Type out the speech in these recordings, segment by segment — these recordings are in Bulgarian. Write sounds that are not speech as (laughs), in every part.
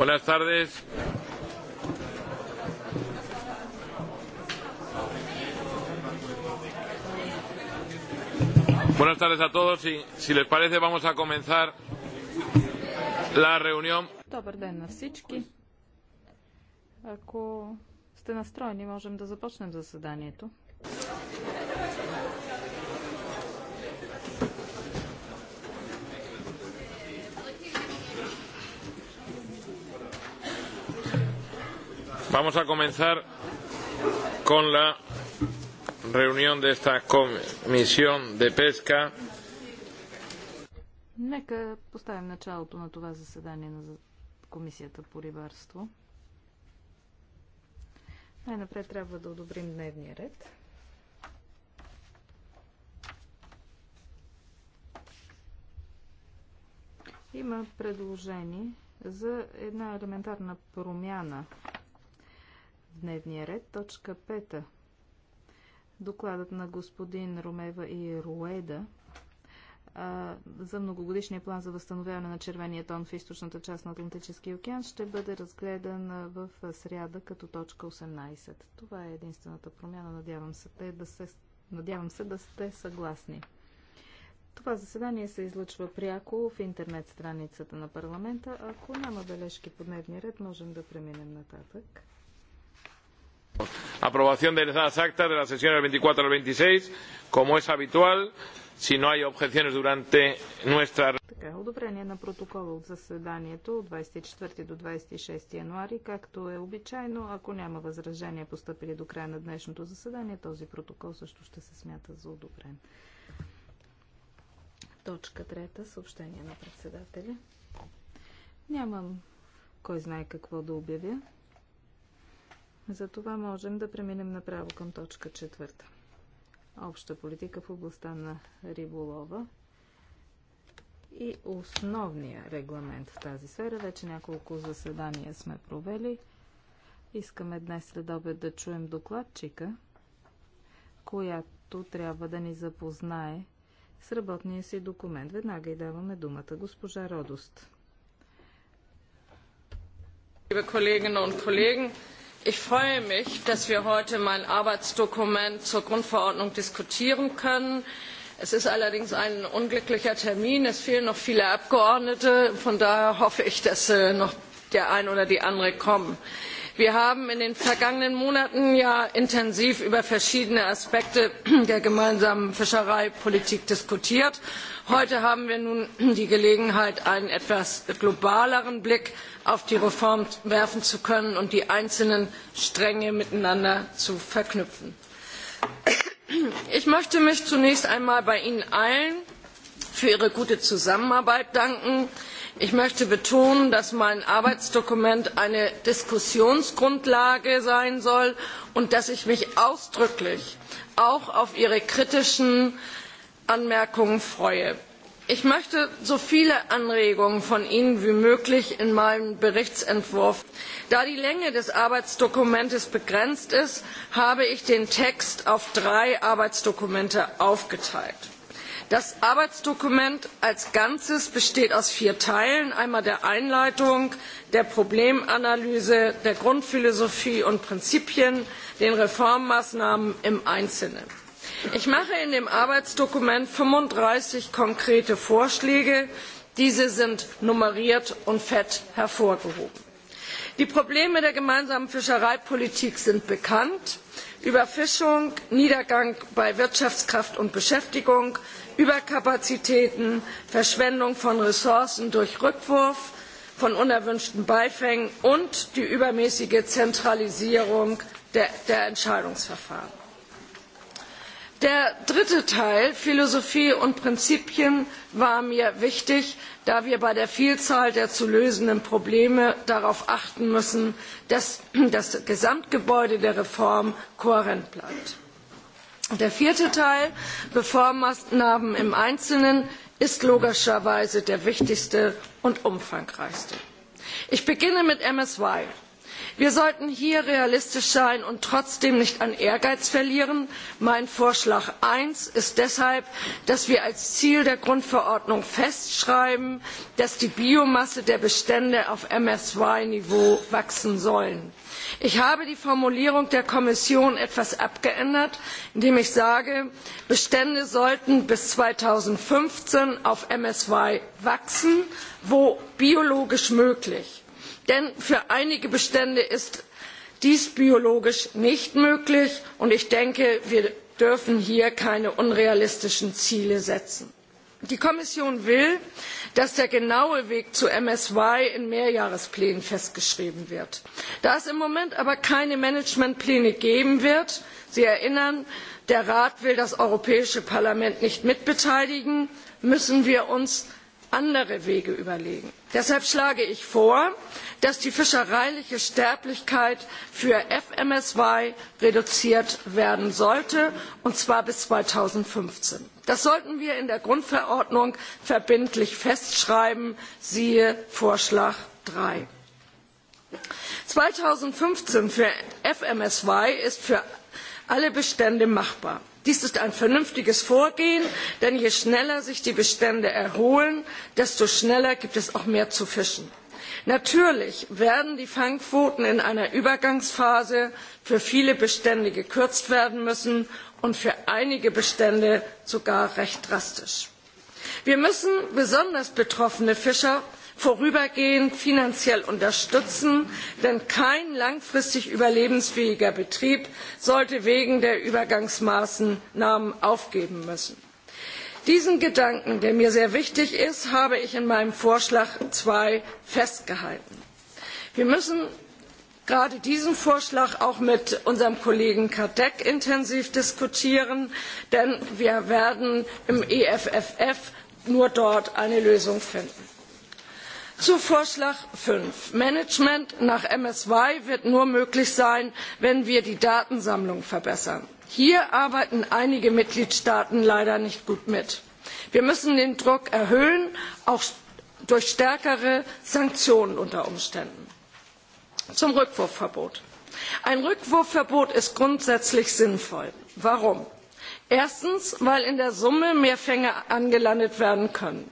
Buenas tardes. Buenas tardes a todos. y, si les parece, vamos a comenzar la reunión. Добър ден на всички. Ако сте настроени, можем да започнем заседанието. Vamos a comenzar con la reunión de esta comisión de pesca. Нека поставим началото на това заседание на Комисията по рибарство. Най-напред трябва да одобрим дневния ред. Има предложение за една елементарна промяна дневния ред. Точка 5. Докладът на господин Ромева и Руеда за многогодишния план за възстановяване на червения тон в източната част на Атлантическия океан ще бъде разгледан в сряда като точка 18. Това е единствената промяна. Надявам се, те да се, надявам се да сте съгласни. Това заседание се излъчва пряко в интернет страницата на парламента. Ако няма бележки по дневния ред, можем да преминем нататък. Aprobación de las actas de las sesiones 24 al 26, como es habitual, si no hay objeciones durante nuestra... Така, одобрение на протокола от заседанието от 24 до 26 януари, както е обичайно. Ако няма възражения поступили до края на днешното заседание, този протокол също ще се смята за одобрен. Точка трета, съобщение на председателя. Нямам кой знае какво да обявя. Затова можем да преминем направо към точка четвърта. Обща политика в областта на риболова и основния регламент в тази сфера. Вече няколко заседания сме провели. Искаме днес след обед да чуем докладчика, която трябва да ни запознае с работния си документ. Веднага и даваме думата госпожа Родост. Liebe Kolleginnen und Kollegen, Ich freue mich, dass wir heute mein Arbeitsdokument zur Grundverordnung diskutieren können. Es ist allerdings ein unglücklicher Termin. Es fehlen noch viele Abgeordnete. Von daher hoffe ich, dass noch der eine oder die andere kommen wir haben in den vergangenen monaten ja intensiv über verschiedene aspekte der gemeinsamen fischereipolitik diskutiert. heute haben wir nun die gelegenheit einen etwas globaleren blick auf die reform werfen zu können und die einzelnen stränge miteinander zu verknüpfen. ich möchte mich zunächst einmal bei ihnen allen für ihre gute zusammenarbeit bedanken ich möchte betonen dass mein arbeitsdokument eine diskussionsgrundlage sein soll und dass ich mich ausdrücklich auch auf ihre kritischen anmerkungen freue. ich möchte so viele anregungen von ihnen wie möglich in meinen berichtsentwurf einbeziehen. da die länge des arbeitsdokuments begrenzt ist habe ich den text auf drei arbeitsdokumente aufgeteilt das arbeitsdokument als ganzes besteht aus vier teilen einmal der einleitung der problemanalyse der grundphilosophie und prinzipien den reformmaßnahmen im einzelnen. ich mache in dem arbeitsdokument fünfunddreißig konkrete vorschläge diese sind nummeriert und fett hervorgehoben. die probleme der gemeinsamen fischereipolitik sind bekannt überfischung niedergang bei wirtschaftskraft und beschäftigung überkapazitäten verschwendung von ressourcen durch rückwurf von unerwünschten beifängen und die übermäßige zentralisierung der entscheidungsverfahren. der dritte teil philosophie und prinzipien war mir wichtig da wir bei der vielzahl der zu lösenden probleme darauf achten müssen dass das gesamtgebäude der reform kohärent bleibt. Der vierte Teil, Reformmaßnahmen im Einzelnen, ist logischerweise der wichtigste und umfangreichste. Ich beginne mit MSY. Wir sollten hier realistisch sein und trotzdem nicht an Ehrgeiz verlieren. Mein Vorschlag eins ist deshalb, dass wir als Ziel der Grundverordnung festschreiben, dass die Biomasse der Bestände auf MSY-Niveau wachsen sollen ich habe die formulierung der kommission etwas abgeändert indem ich sage bestände sollten bis zweitausendfünfzehn auf msy wachsen wo biologisch möglich denn für einige bestände ist dies biologisch nicht möglich und ich denke wir dürfen hier keine unrealistischen ziele setzen. die kommission will dass der genaue weg zu msy in mehrjahresplänen festgeschrieben wird. da es im moment aber keine managementpläne geben wird sie erinnern der rat will das europäische parlament nicht mitbeteiligen müssen wir uns andere wege überlegen. deshalb schlage ich vor dass die fischereiliche sterblichkeit für fmsy reduziert werden sollte und zwar bis. zweitausendfünfzehn das sollten wir in der grundverordnung verbindlich festschreiben siehe vorschlag. drei zweitausendfünfzehn für fmsy ist für alle bestände machbar dies ist ein vernünftiges vorgehen denn je schneller sich die bestände erholen desto schneller gibt es auch mehr zu fischen. natürlich werden die fangquoten in einer übergangsphase für viele bestände gekürzt werden müssen und für einige bestände sogar recht drastisch. wir müssen besonders betroffene fischer vorübergehend finanziell unterstützen denn kein langfristig überlebensfähiger betrieb sollte wegen der übergangsmaßnahmen aufgeben müssen. diesen gedanken der mir sehr wichtig ist habe ich in meinem vorschlag zwei festgehalten. wir müssen gerade diesen vorschlag auch mit unserem kollegen cadec intensiv diskutieren denn wir werden im eff nur dort eine lösung finden. Zu Vorschlag fünf Management nach MSY wird nur möglich sein, wenn wir die Datensammlung verbessern. Hier arbeiten einige Mitgliedstaaten leider nicht gut mit. Wir müssen den Druck erhöhen, auch durch stärkere Sanktionen unter Umständen. Zum Rückwurfverbot. Ein Rückwurfverbot ist grundsätzlich sinnvoll. Warum? Erstens, weil in der Summe mehr Fänge angelandet werden können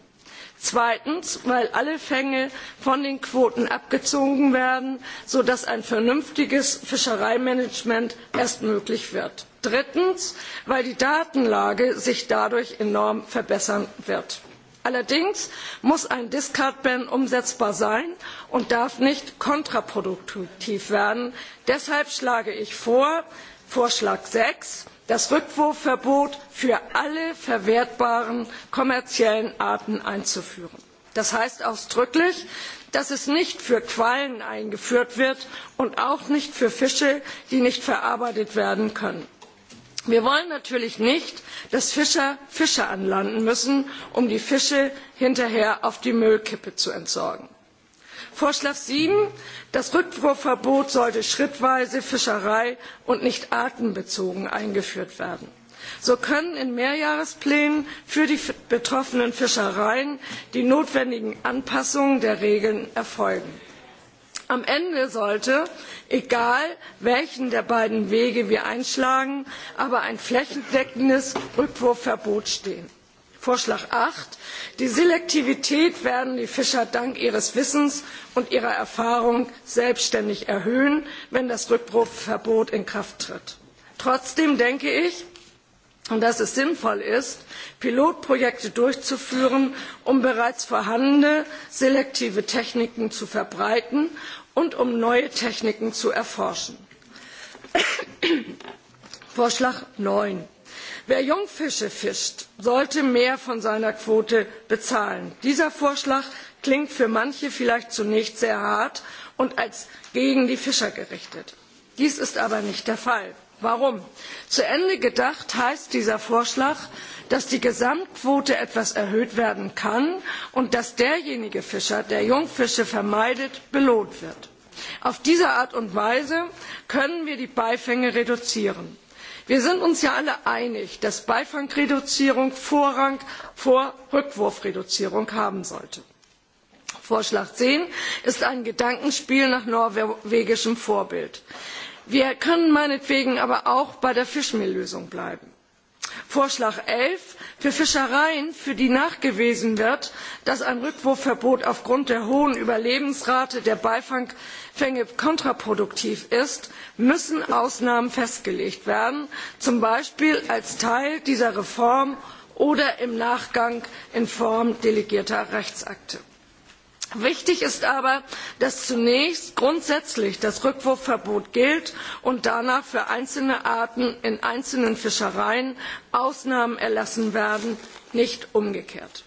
zweitens weil alle fänge von den quoten abgezogen werden sodass ein vernünftiges fischereimanagement erst möglich wird drittens weil die datenlage sich dadurch enorm verbessern wird. allerdings muss ein discard ban umsetzbar sein und darf nicht kontraproduktiv werden. deshalb schlage ich vor vorschlag sechs das rückwurfverbot für alle verwertbaren kommerziellen arten einzuführen. das heißt ausdrücklich dass es nicht für quallen eingeführt wird und auch nicht für fische die nicht verarbeitet werden können. wir wollen natürlich nicht dass fischer fische anlanden müssen um die fische hinterher auf die müllkippe zu entsorgen vorschlag sieben das rückwurfverbot sollte schrittweise fischerei und nicht artenbezogen eingeführt werden. so können in mehrjahresplänen für die betroffenen fischereien die notwendigen anpassungen der regeln erfolgen. am ende sollte egal welchen der beiden wege wir einschlagen aber ein flächendeckendes rückwurfverbot stehen. Vorschlag acht Die Selektivität werden die Fischer dank ihres Wissens und ihrer Erfahrung selbstständig erhöhen, wenn das Rückwurfverbot in Kraft tritt. Trotzdem denke ich, dass es sinnvoll ist, Pilotprojekte durchzuführen, um bereits vorhandene selektive Techniken zu verbreiten und um neue Techniken zu erforschen. Vorschlag neun wer jungfische fischt sollte mehr von seiner quote bezahlen. dieser vorschlag klingt für manche vielleicht zunächst sehr hart und als gegen die fischer gerichtet. dies ist aber nicht der fall. warum? zu ende gedacht heißt dieser vorschlag dass die gesamtquote etwas erhöht werden kann und dass derjenige fischer der jungfische vermeidet belohnt wird. auf diese art und weise können wir die beifänge reduzieren wir sind uns ja alle einig dass beifangreduzierung vorrang vor rückwurfreduzierung haben sollte. vorschlag zehn ist ein gedankenspiel nach norwegischem vorbild. wir können meinetwegen aber auch bei der Fischmehllösung bleiben. vorschlag elf für fischereien für die nachgewiesen wird dass ein rückwurfverbot aufgrund der hohen überlebensrate der fänge kontraproduktiv ist müssen ausnahmen festgelegt werden zum beispiel als teil dieser reform oder im nachgang in form delegierter rechtsakte. Wichtig ist aber, dass zunächst grundsätzlich das Rückwurfverbot gilt und danach für einzelne Arten in einzelnen Fischereien Ausnahmen erlassen werden, nicht umgekehrt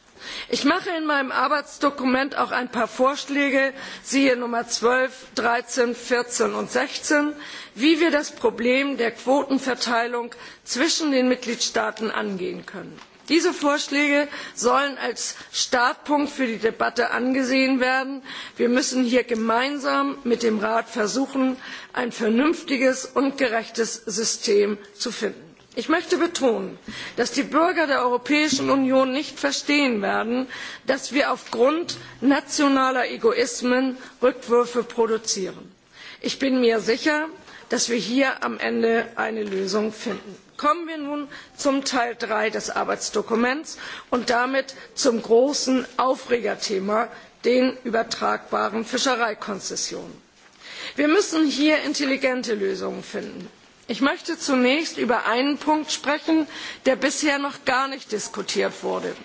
ich mache in meinem arbeitsdokument auch ein paar vorschläge siehe nummer zwölf dreizehn vierzehn und sechzehn wie wir das problem der quotenverteilung zwischen den mitgliedstaaten angehen können. diese vorschläge sollen als startpunkt für die debatte angesehen werden. wir müssen hier gemeinsam mit dem rat versuchen ein vernünftiges und gerechtes system zu finden ich möchte betonen dass die bürger der europäischen union nicht verstehen werden dass wir aufgrund nationaler egoismen rückwürfe produzieren. ich bin mir sicher dass wir hier am ende eine lösung finden. kommen wir nun zum teil drei des arbeitsdokuments und damit zum großen aufregerthema den übertragbaren fischereikonzessionen. wir müssen hier intelligente lösungen finden ich möchte zunächst über einen punkt sprechen der bisher noch gar nicht diskutiert wurde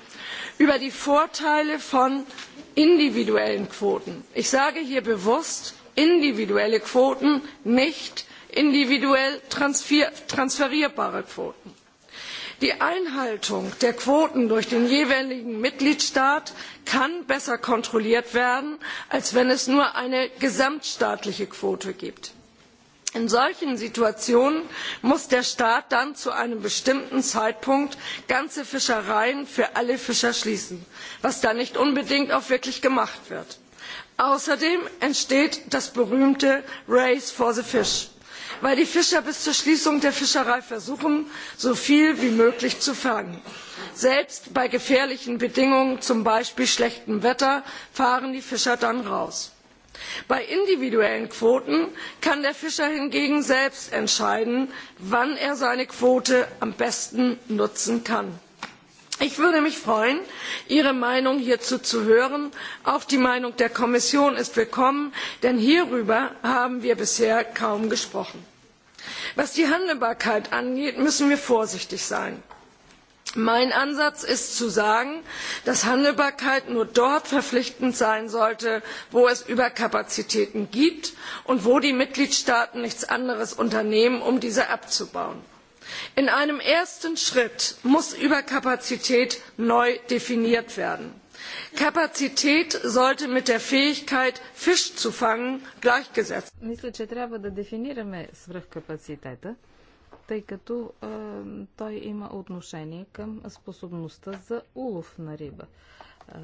über die vorteile von individuellen quoten. ich sage hier bewusst individuelle quoten nicht individuell transferierbare quoten. die einhaltung der quoten durch den jeweiligen mitgliedstaat kann besser kontrolliert werden als wenn es nur eine gesamtstaatliche quote gibt in solchen situationen muss der staat dann zu einem bestimmten zeitpunkt ganze fischereien für alle fischer schließen was dann nicht unbedingt auch wirklich gemacht wird. außerdem entsteht das berühmte race for the fish weil die fischer bis zur schließung der fischerei versuchen so viel wie möglich zu fangen. selbst bei gefährlichen bedingungen zum beispiel schlechtem wetter fahren die fischer dann raus bei individuellen quoten kann der fischer hingegen selbst entscheiden wann er seine quote am besten nutzen kann. ich würde mich freuen ihre meinung hierzu zu hören. auch die meinung der kommission ist willkommen denn hierüber haben wir bisher kaum gesprochen. was die handelbarkeit angeht müssen wir vorsichtig sein mein ansatz ist zu sagen dass handelbarkeit nur dort verpflichtend sein sollte wo es überkapazitäten gibt und wo die mitgliedstaaten nichts anderes unternehmen um diese abzubauen. in einem ersten schritt muss überkapazität neu definiert werden. Kapazität sollte mit der Fähigkeit, Fisch zu fangen, gleichgesetzt. werden тъй като а, той има отношение към способността за улов на риба. А,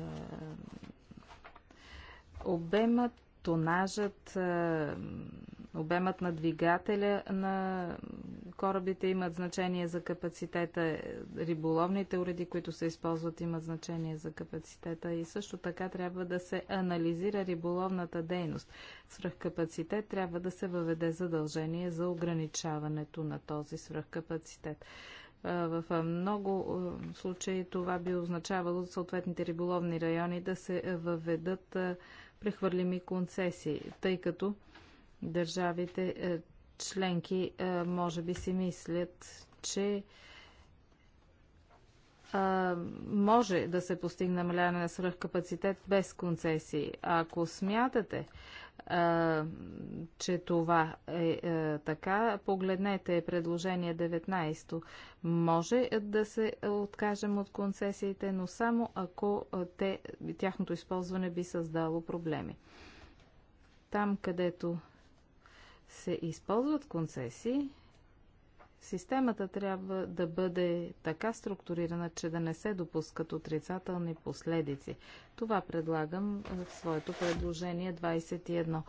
обемът тонажът, обемът на двигателя на корабите имат значение за капацитета, риболовните уреди, които се използват, имат значение за капацитета и също така трябва да се анализира риболовната дейност. Свръхкапацитет трябва да се въведе задължение за ограничаването на този свръхкапацитет. В много случаи това би означавало съответните риболовни райони да се въведат прехвърлими концесии, тъй като държавите е, членки е, може би си мислят, че а, може да се постигне намаляване на свръхкапацитет без концесии. Ако смятате, а, че това е а, е, така, погледнете предложение 19. Може да се откажем от концесиите, но само ако те, тяхното използване би създало проблеми. Там, където се използват концесии, Системата трябва да бъде така структурирана, че да не се допускат отрицателни последици. Това предлагам в своето предложение 21.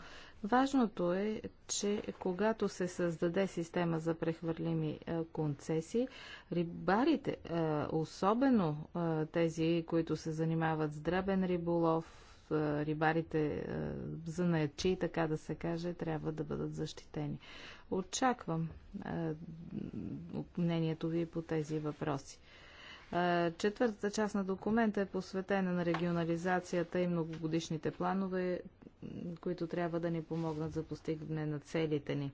Важното е, че когато се създаде система за прехвърлими концесии, рибарите, особено тези, които се занимават с дребен риболов, рибарите за наячи, така да се каже, трябва да бъдат защитени. Очаквам е, мнението ви по тези въпроси. Е, четвъртата част на документа е посветена на регионализацията и многогодишните планове, които трябва да ни помогнат за постигане на целите ни.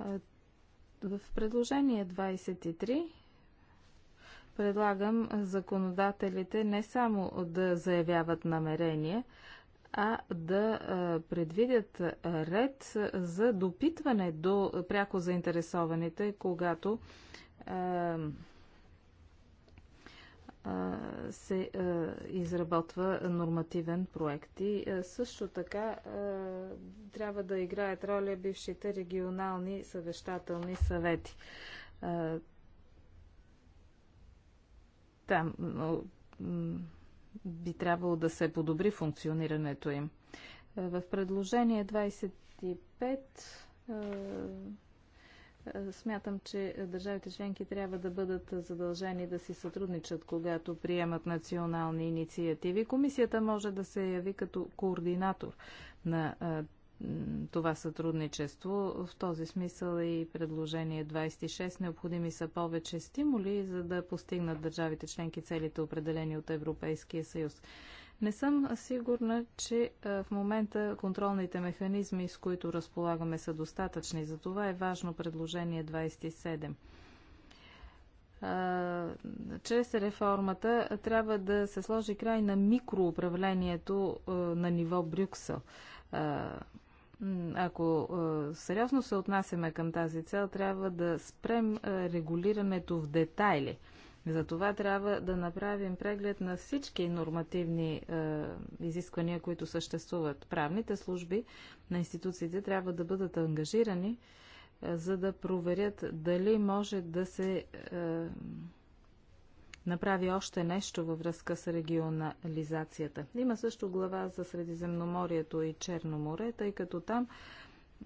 Е, в предложение 23 предлагам законодателите не само да заявяват намерение, а да предвидят ред за допитване до пряко заинтересованите, когато се изработва нормативен проект. И също така трябва да играят роля бившите регионални съвещателни съвети. Там би трябвало да се подобри функционирането им. Е, в предложение 25 е, е, Смятам, че държавите членки трябва да бъдат задължени да си сътрудничат, когато приемат национални инициативи. Комисията може да се яви като координатор на това сътрудничество. В този смисъл и предложение 26 необходими са повече стимули, за да постигнат държавите членки целите определени от Европейския съюз. Не съм сигурна, че в момента контролните механизми, с които разполагаме, са достатъчни. За това е важно предложение 27. А, чрез реформата трябва да се сложи край на микроуправлението а, на ниво Брюксел. А, ако е, сериозно се отнасяме към тази цел, трябва да спрем е, регулирането в детайли. Затова трябва да направим преглед на всички нормативни е, изисквания, които съществуват. Правните служби на институциите трябва да бъдат ангажирани, е, за да проверят дали може да се. Е, направи още нещо във връзка с регионализацията. Има също глава за Средиземноморието и Черно море, тъй като там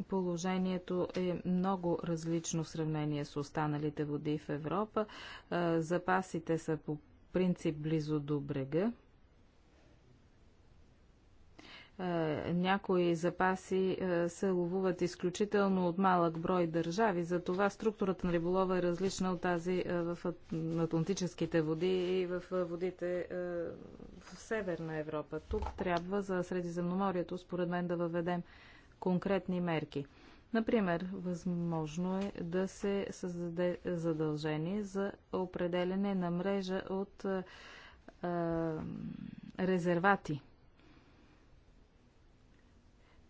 Положението е много различно в сравнение с останалите води в Европа. Запасите са по принцип близо до брега. Е, някои запаси е, се ловуват изключително от малък брой държави. Затова структурата на риболова е различна от тази е, в атлантическите води и в водите в Северна Европа. Тук трябва за Средиземноморието, според мен, да въведем конкретни мерки. Например, възможно е да се създаде задължение за определене на мрежа от резервати –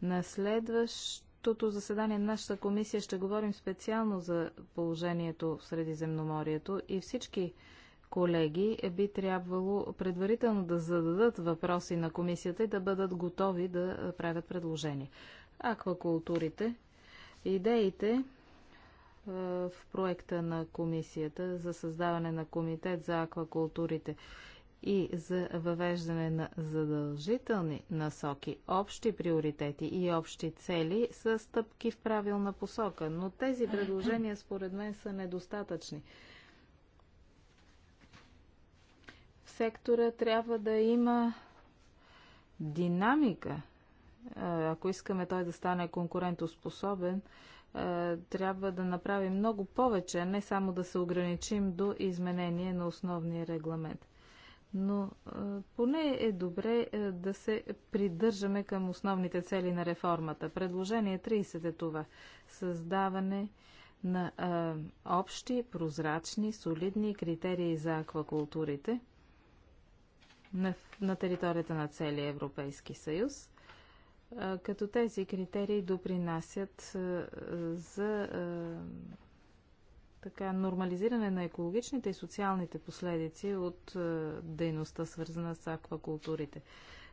на следващото заседание на нашата комисия ще говорим специално за положението в Средиземноморието и всички колеги би трябвало предварително да зададат въпроси на комисията и да бъдат готови да правят предложения. Аквакултурите, идеите е, в проекта на комисията за създаване на комитет за аквакултурите и за въвеждане на задължителни насоки, общи приоритети и общи цели са стъпки в правилна посока, но тези предложения според мен са недостатъчни. В сектора трябва да има динамика. Е, ако искаме той да стане конкурентоспособен, е, трябва да направим много повече, не само да се ограничим до изменение на основния регламент но поне е добре е, да се придържаме към основните цели на реформата. Предложение 30 е това. Създаване на а, общи, прозрачни, солидни критерии за аквакултурите на, на територията на целия Европейски съюз, а, като тези критерии допринасят а, за така нормализиране на екологичните и социалните последици от е, дейността, свързана с аквакултурите.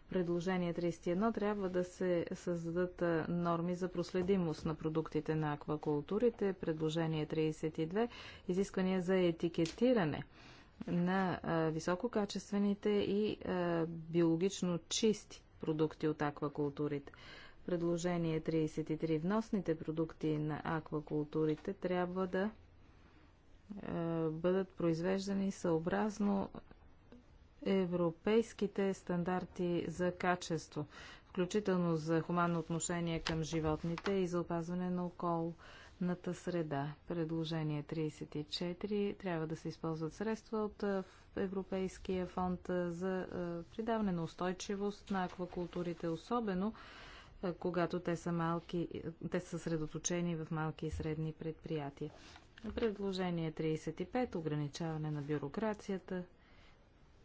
Предложение 31 трябва да се създадат е, норми за проследимост на продуктите на аквакултурите. Предложение 32 изисквания за етикетиране на е, висококачествените и биологично чисти продукти от аквакултурите. Предложение 33. Вносните продукти на аквакултурите трябва да е, бъдат произвеждани съобразно европейските стандарти за качество, включително за хуманно отношение към животните и за опазване на околната среда. Предложение 34 трябва да се използват средства от е, Европейския фонд е, за придаване на устойчивост на аквакултурите, особено когато те са, малки, те са съсредоточени в малки и средни предприятия. Предложение 35. Ограничаване на бюрокрацията.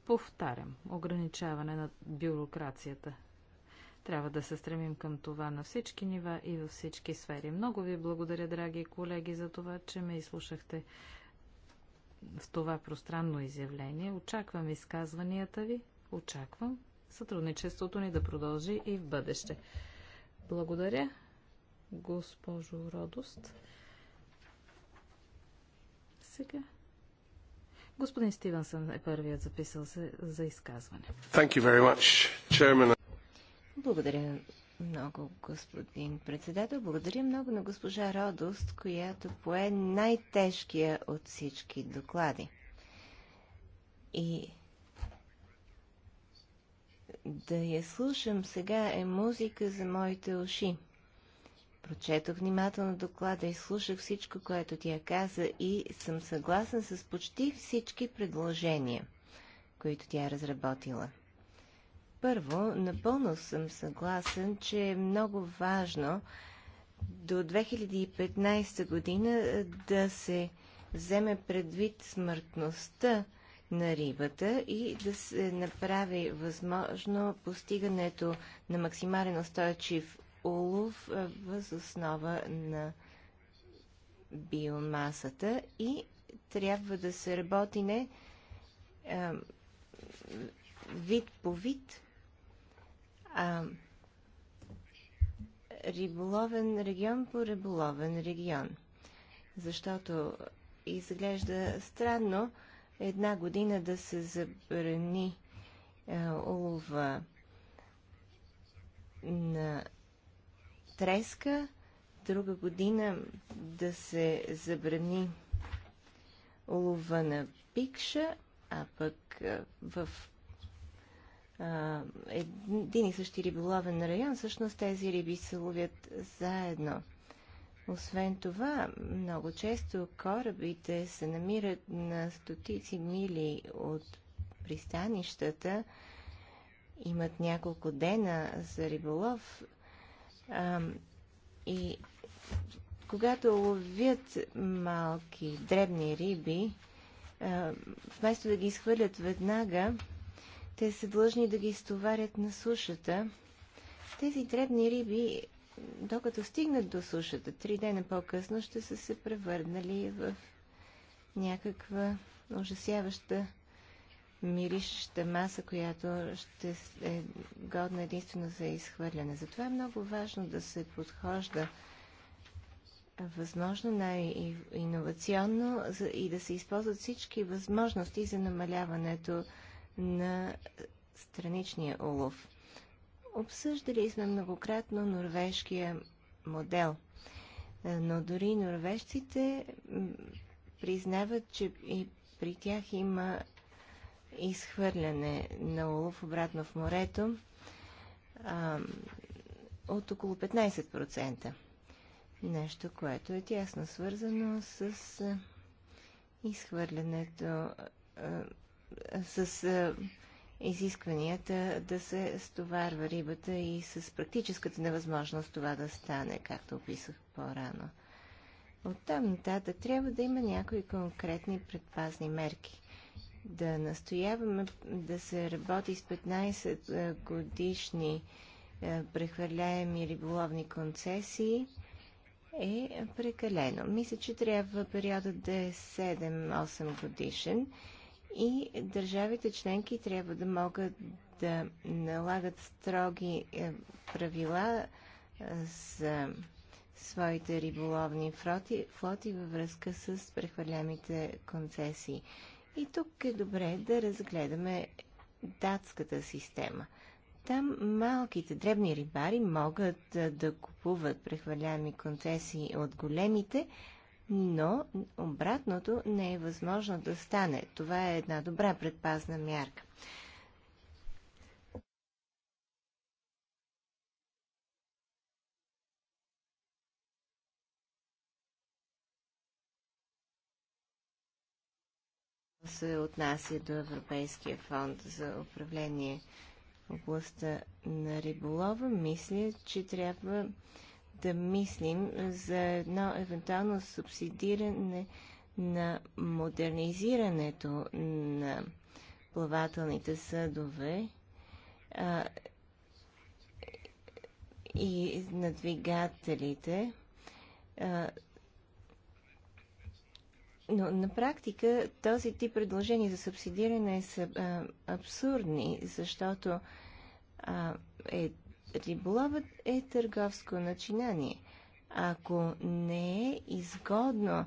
Повтарям. Ограничаване на бюрокрацията. Трябва да се стремим към това на всички нива и във всички сфери. Много ви благодаря, драги колеги, за това, че ме изслушахте в това пространно изявление. Очаквам изказванията ви. Очаквам сътрудничеството ни да продължи и в бъдеще. Благодаря, госпожо Родост. Сега. Господин Стивенсън е първият записал се за изказване. Thank you very much, chairman. Благодаря много, господин председател. Благодаря много на госпожа Родост, която пое най-тежкия от всички доклади. И да я слушам сега е музика за моите уши. Прочетох внимателно доклада и слушах всичко, което тя каза и съм съгласна с почти всички предложения, които тя е разработила. Първо, напълно съм съгласен, че е много важно до 2015 година е, да се вземе предвид смъртността на рибата и да се направи възможно постигането на максимален устойчив улов въз основа на биомасата и трябва да се работи не а, вид по вид, а риболовен регион по риболовен регион. Защото изглежда странно една година да се забрани улова на треска, друга година да се забрани лова на пикша, а пък в а, един и същи риболовен район, всъщност тези риби се ловят заедно. Освен това, много често корабите се намират на стотици мили от пристанищата, имат няколко дена за риболов а, и когато ловят малки, дребни риби, а, вместо да ги изхвърлят веднага, те са длъжни да ги изтоварят на сушата. Тези дребни риби, докато стигнат до сушата, три дена по-късно ще са се превърнали в някаква ужасяваща мирища маса, която ще е годна единствено за изхвърляне. Затова е много важно да се подхожда възможно най-инновационно и да се използват всички възможности за намаляването на страничния улов. Обсъждали сме многократно норвежкия модел, е, но дори норвежците признават, че и при тях има изхвърляне на улов обратно в морето а, от около 15%. Нещо, което е тясно свързано с а, изхвърлянето, а, с а, изискванията да се стоварва рибата и с практическата невъзможност това да стане, както описах по-рано. Оттам нататък трябва да има някои конкретни предпазни мерки да настояваме да се работи с 15 е, годишни е, прехвърляеми риболовни концесии е прекалено. Мисля, че трябва периода да е 7-8 годишен и държавите членки трябва да могат да налагат строги е, правила за своите риболовни флоти, флоти във връзка с прехвърлямите концесии. И тук е добре да разгледаме датската система. Там малките дребни рибари могат да купуват прехвърляеми концесии от големите, но обратното не е възможно да стане. Това е една добра предпазна мярка. се отнася до Европейския фонд за управление в областта на риболова, мисля, че трябва да мислим за едно евентуално субсидиране на модернизирането на плавателните съдове а, и на двигателите, а, но на практика този тип предложения за субсидиране са а, абсурдни, защото а, е, риболовът е търговско начинание. Ако не е изгодно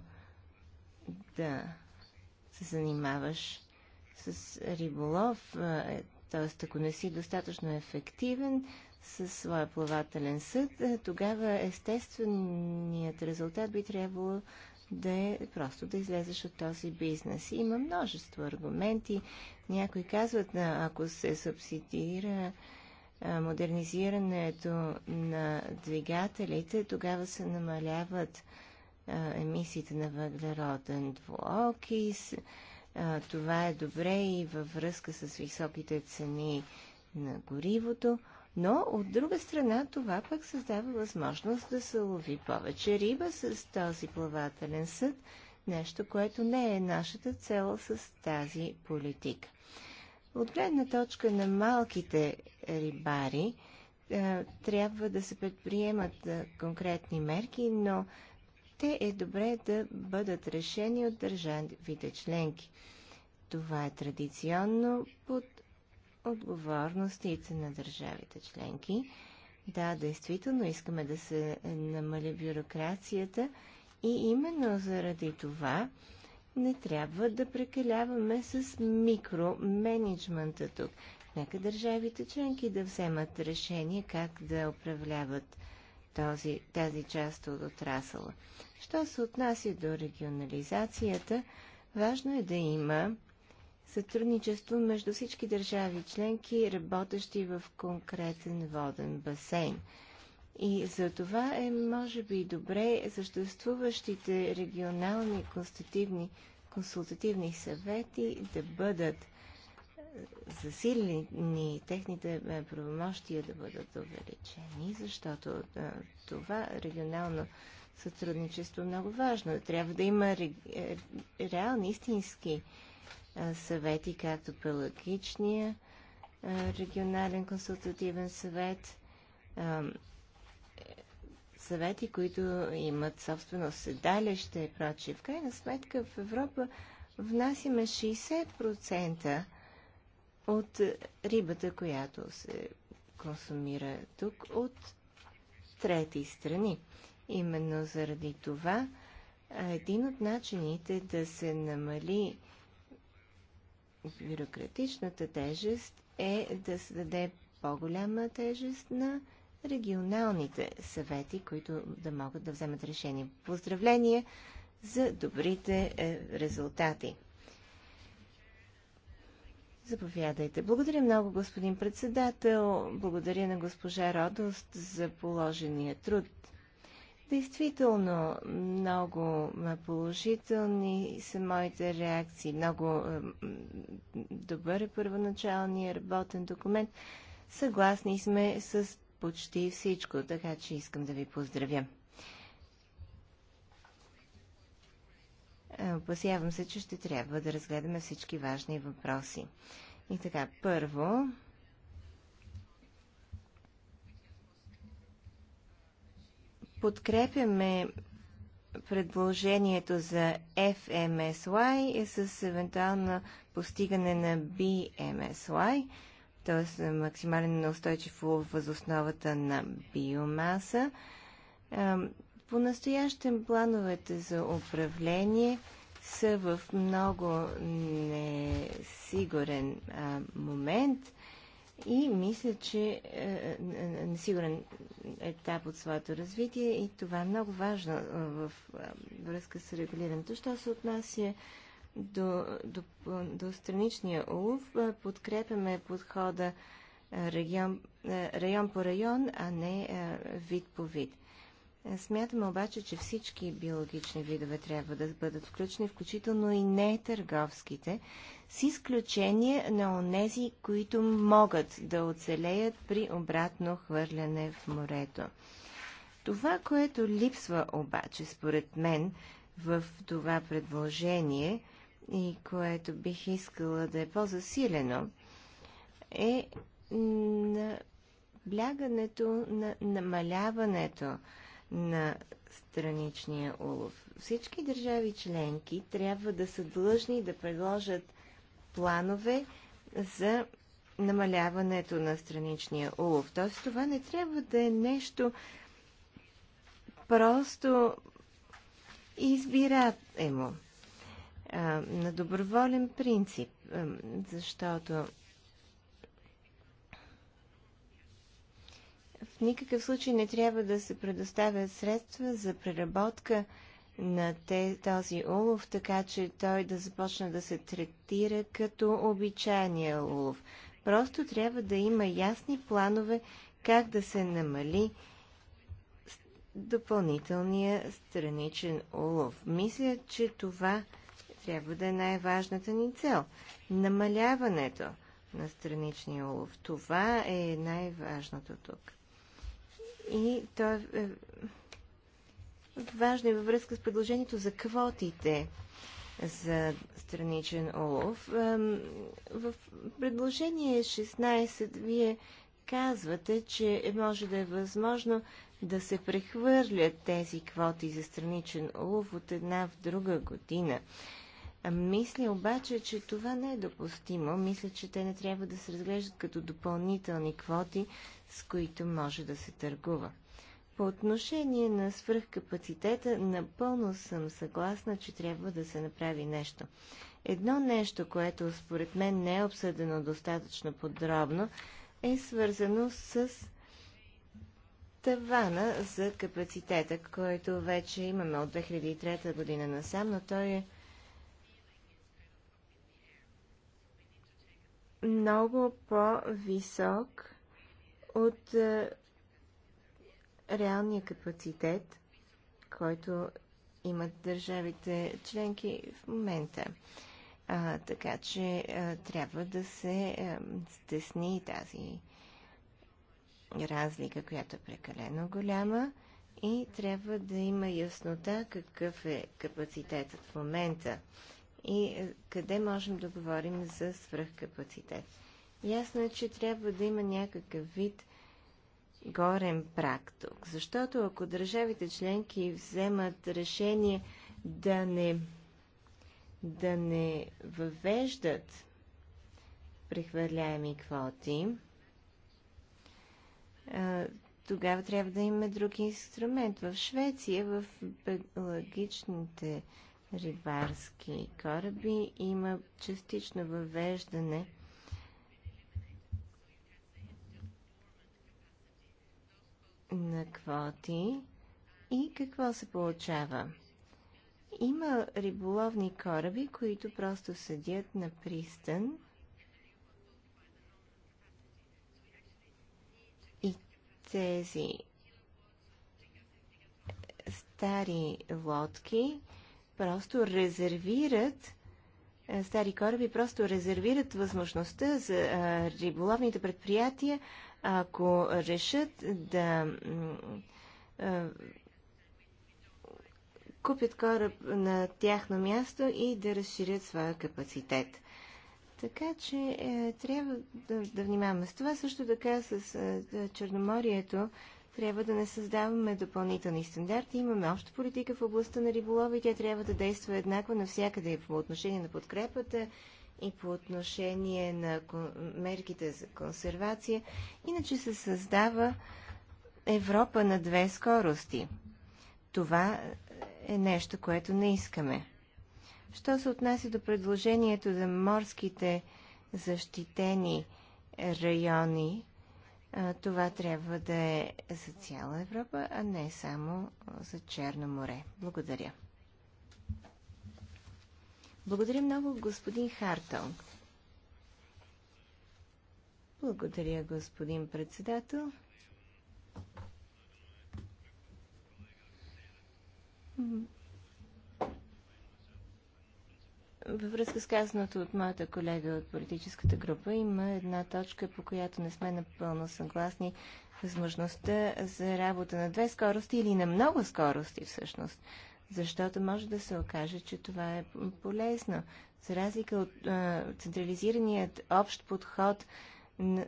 да се занимаваш с риболов, т.е. ако не си достатъчно ефективен със своя плавателен съд, е, тогава естественият резултат би трябвало да е просто да излезеш от този бизнес. Има множество аргументи. Някои казват, ако се субсидира модернизирането на двигателите, тогава се намаляват емисиите на въглероден двуокис. Това е добре и във връзка с високите цени на горивото. Но от друга страна това пък създава възможност да се лови повече риба с този плавателен съд, нещо, което не е нашата цел с тази политика. От гледна точка на малките рибари, е, трябва да се предприемат е, конкретни мерки, но те е добре да бъдат решени от държавите членки. Това е традиционно под отговорностите на държавите членки. Да, действително искаме да се намали бюрокрацията и именно заради това не трябва да прекаляваме с микроменеджмента тук. Нека държавите членки да вземат решение как да управляват този, тази част от отрасъла. Що се отнася до регионализацията, важно е да има сътрудничество между всички държави членки, работещи в конкретен воден басейн. И за това е, може би, добре съществуващите регионални консултативни, консултативни съвети да бъдат е, засилени, техните е, правомощия да бъдат увеличени, защото е, това регионално сътрудничество е много важно. Трябва да има реални, истински съвети, както Пелагичния регионален консултативен съвет, съвети, които имат собствено седалище и прочие. В крайна сметка в Европа внасяме 60% от рибата, която се консумира тук от трети страни. Именно заради това един от начините да се намали бюрократичната тежест е да се даде по-голяма тежест на регионалните съвети, които да могат да вземат решение. Поздравления за добрите е, резултати. Заповядайте. Благодаря много, господин председател. Благодаря на госпожа Родост за положения труд. Действително много положителни са моите реакции. Много добър е първоначалният работен документ. Съгласни сме с почти всичко, така че искам да ви поздравя. Е, опасявам се, че ще трябва да разгледаме всички важни въпроси. И така, първо, подкрепяме предложението за FMSY с евентуално постигане на BMSY, т.е. максимален неустойчив улов възосновата на биомаса. По настоящен плановете за управление са в много несигурен момент – и мисля, че е, е, е, е сигурен етап от своето развитие и това е много важно в връзка с регулирането. Що се отнася до, до, до страничния улов, подкрепяме подхода регион, район по район, а не вид по вид. Смятаме обаче, че всички биологични видове трябва да бъдат включени, включително и не търговските, с изключение на онези, които могат да оцелеят при обратно хвърляне в морето. Това, което липсва обаче, според мен, в това предложение и което бих искала да е по-засилено, е блягането на намаляването на страничния улов. Всички държави членки трябва да са длъжни да предложат планове за намаляването на страничния улов. Т.е. това не трябва да е нещо просто избираемо на доброволен принцип, защото никакъв случай не трябва да се предоставят средства за преработка на те, този улов, така че той да започне да се третира като обичайния улов. Просто трябва да има ясни планове как да се намали допълнителния страничен улов. Мисля, че това трябва да е най-важната ни цел. Намаляването на страничния улов. Това е най-важното тук и то е важно и във връзка с предложението за квотите за страничен олов. В предложение 16 вие казвате, че е, може да е възможно да се прехвърлят тези квоти за страничен улов от една в друга година. Мисля обаче, че това не е допустимо. Мисля, че те не трябва да се разглеждат като допълнителни квоти, с които може да се търгува. По отношение на свръхкапацитета, напълно съм съгласна, че трябва да се направи нещо. Едно нещо, което според мен не е обсъдено достатъчно подробно, е свързано с тавана за капацитета, който вече имаме от 2003 година насам, но той е много по-висок от е, реалния капацитет, който имат държавите членки в момента. А, така че а, е, трябва да се а, е, стесни тази разлика, която е прекалено голяма и трябва да има яснота какъв е капацитетът в момента и къде можем да говорим за свръхкапацитет. Ясно е, че трябва да има някакъв вид горен прак тук. Защото ако държавите членки вземат решение да не, да не въвеждат прехвърляеми квоти, тогава трябва да имаме друг инструмент. В Швеция, в биологичните рибарски кораби има частично въвеждане на квоти и какво се получава? Има риболовни кораби, които просто съдят на пристан и тези стари лодки просто резервират е, стари кораби просто резервират възможността за а, е, риболовните предприятия ако решат да купят кораб на тяхно място и да разширят своя капацитет. Така че е, трябва да, да внимаваме с това. Също така с е, Черноморието трябва да не създаваме допълнителни стандарти. Имаме обща политика в областта на риболова и тя трябва да действа еднакво навсякъде по отношение на подкрепата и по отношение на мерките за консервация, иначе се създава Европа на две скорости. Това е нещо, което не искаме. Що се отнася до предложението за морските защитени райони, това трябва да е за цяла Европа, а не само за Черно море. Благодаря. Благодаря много, господин Хартъл. Благодаря, господин председател. Във връзка с казаното от моята колега от политическата група, има една точка, по която не сме напълно съгласни. Възможността за работа на две скорости или на много скорости всъщност защото може да се окаже, че това е полезно. За разлика от а, централизираният общ подход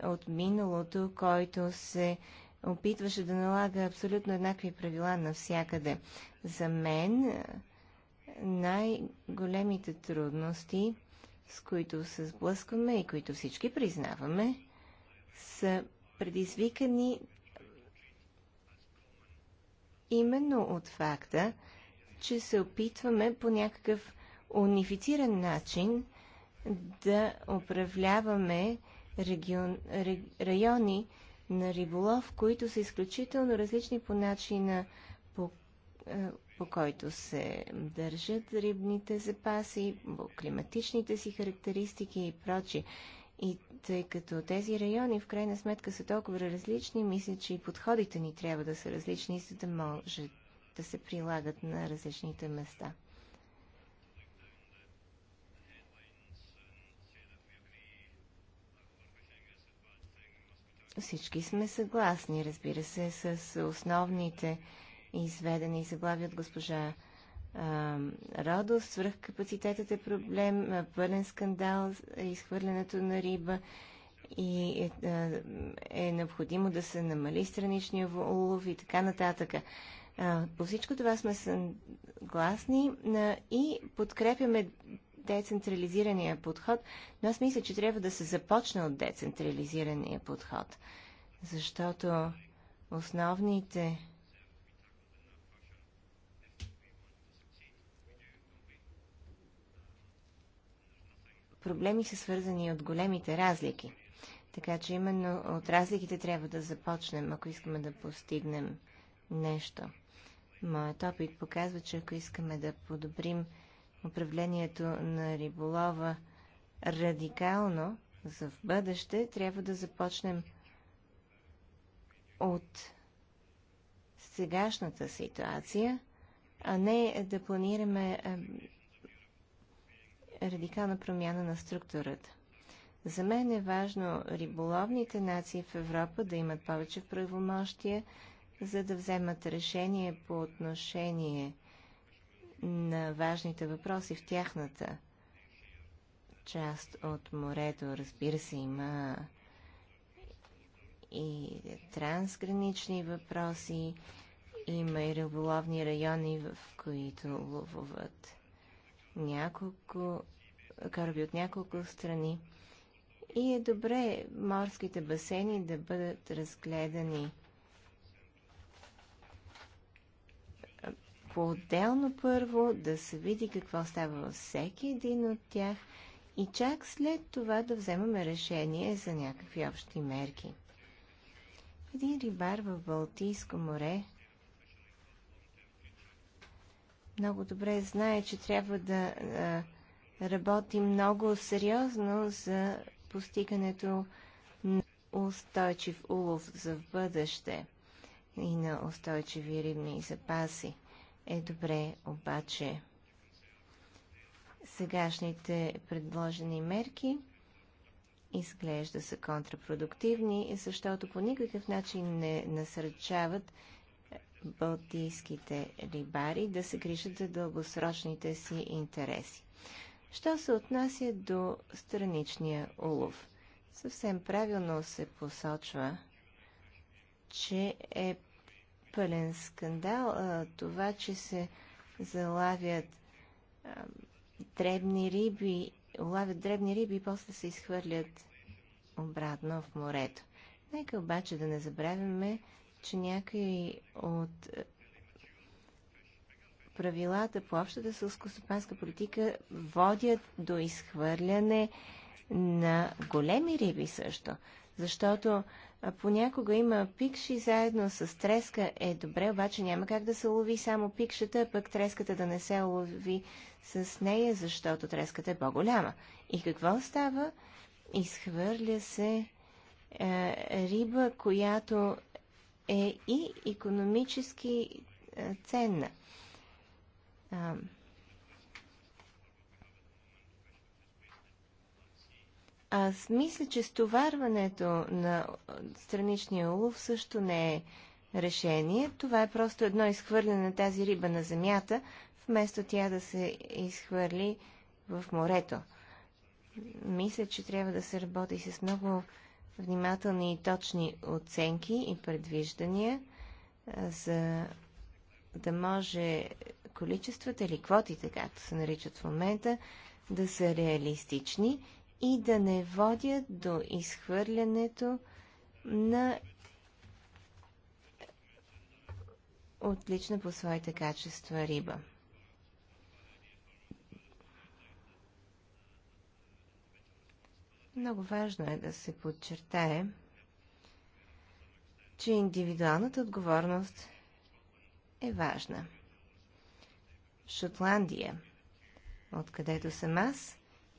от миналото, който се опитваше да налага абсолютно еднакви правила навсякъде. За мен най-големите трудности, с които се сблъскваме и които всички признаваме, са предизвикани именно от факта, че се опитваме по някакъв унифициран начин да управляваме регион, райони на риболов, които са изключително различни по начина по, е, по който се държат рибните запаси, по климатичните си характеристики и прочи. И тъй като тези райони в крайна сметка са толкова различни, мисля, че и подходите ни трябва да са различни, за да може да се прилагат на различните места. Всички сме съгласни, разбира се, с основните изведени заглави от госпожа а, Родос. Свръхкапацитетът е проблем, пълен скандал, е изхвърлянето на риба и е, е, е необходимо да се намали страничния улов и така нататък. По всичко това сме съгласни и подкрепяме децентрализирания подход, но аз мисля, че трябва да се започне от децентрализирания подход, защото основните проблеми са свързани от големите разлики. Така че именно от разликите трябва да започнем, ако искаме да постигнем нещо. Моят опит показва, че ако искаме да подобрим управлението на риболова радикално за в бъдеще, трябва да започнем от сегашната ситуация, а не да планираме радикална промяна на структурата. За мен е важно риболовните нации в Европа да имат повече правомощия, за да вземат решение по отношение на важните въпроси в тяхната част от морето. Разбира се, има и трансгранични въпроси, има и риболовни райони, в които ловуват няколко кораби от няколко страни. И е добре морските басейни да бъдат разгледани по-отделно първо, да се види какво става във всеки един от тях и чак след това да вземаме решение за някакви общи мерки. Един рибар в Балтийско море много добре знае, че трябва да а, работи много сериозно за постигането на устойчив улов за в бъдеще и на устойчиви рибни запаси е добре, обаче сегашните предложени мерки изглежда са контрапродуктивни, защото по никакъв начин не насърчават балтийските рибари да се грижат за дългосрочните си интереси. Що се отнася до страничния улов? Съвсем правилно се посочва, че е пълен скандал това, че се залавят дребни риби, лавят дребни риби и после се изхвърлят обратно в морето. Нека обаче да не забравяме, че някои от правилата по общата сълскостопанска политика водят до изхвърляне на големи риби също. Защото понякога има пикши заедно с треска. Е, добре, обаче няма как да се лови само пикшата, а пък треската да не се лови с нея, защото треската е по-голяма. И какво става? Изхвърля се а, е, риба, която е и економически а, е, ценна. А, Аз мисля, че стоварването на страничния улов също не е решение. Това е просто едно изхвърляне на тази риба на земята, вместо тя да се изхвърли в морето. Мисля, че трябва да се работи с много внимателни и точни оценки и предвиждания, за да може количествата или квотите, както се наричат в момента, да са реалистични и да не водят до изхвърлянето на отлична по своите качества риба. Много важно е да се подчертае, че индивидуалната отговорност е важна. Шотландия, откъдето съм аз,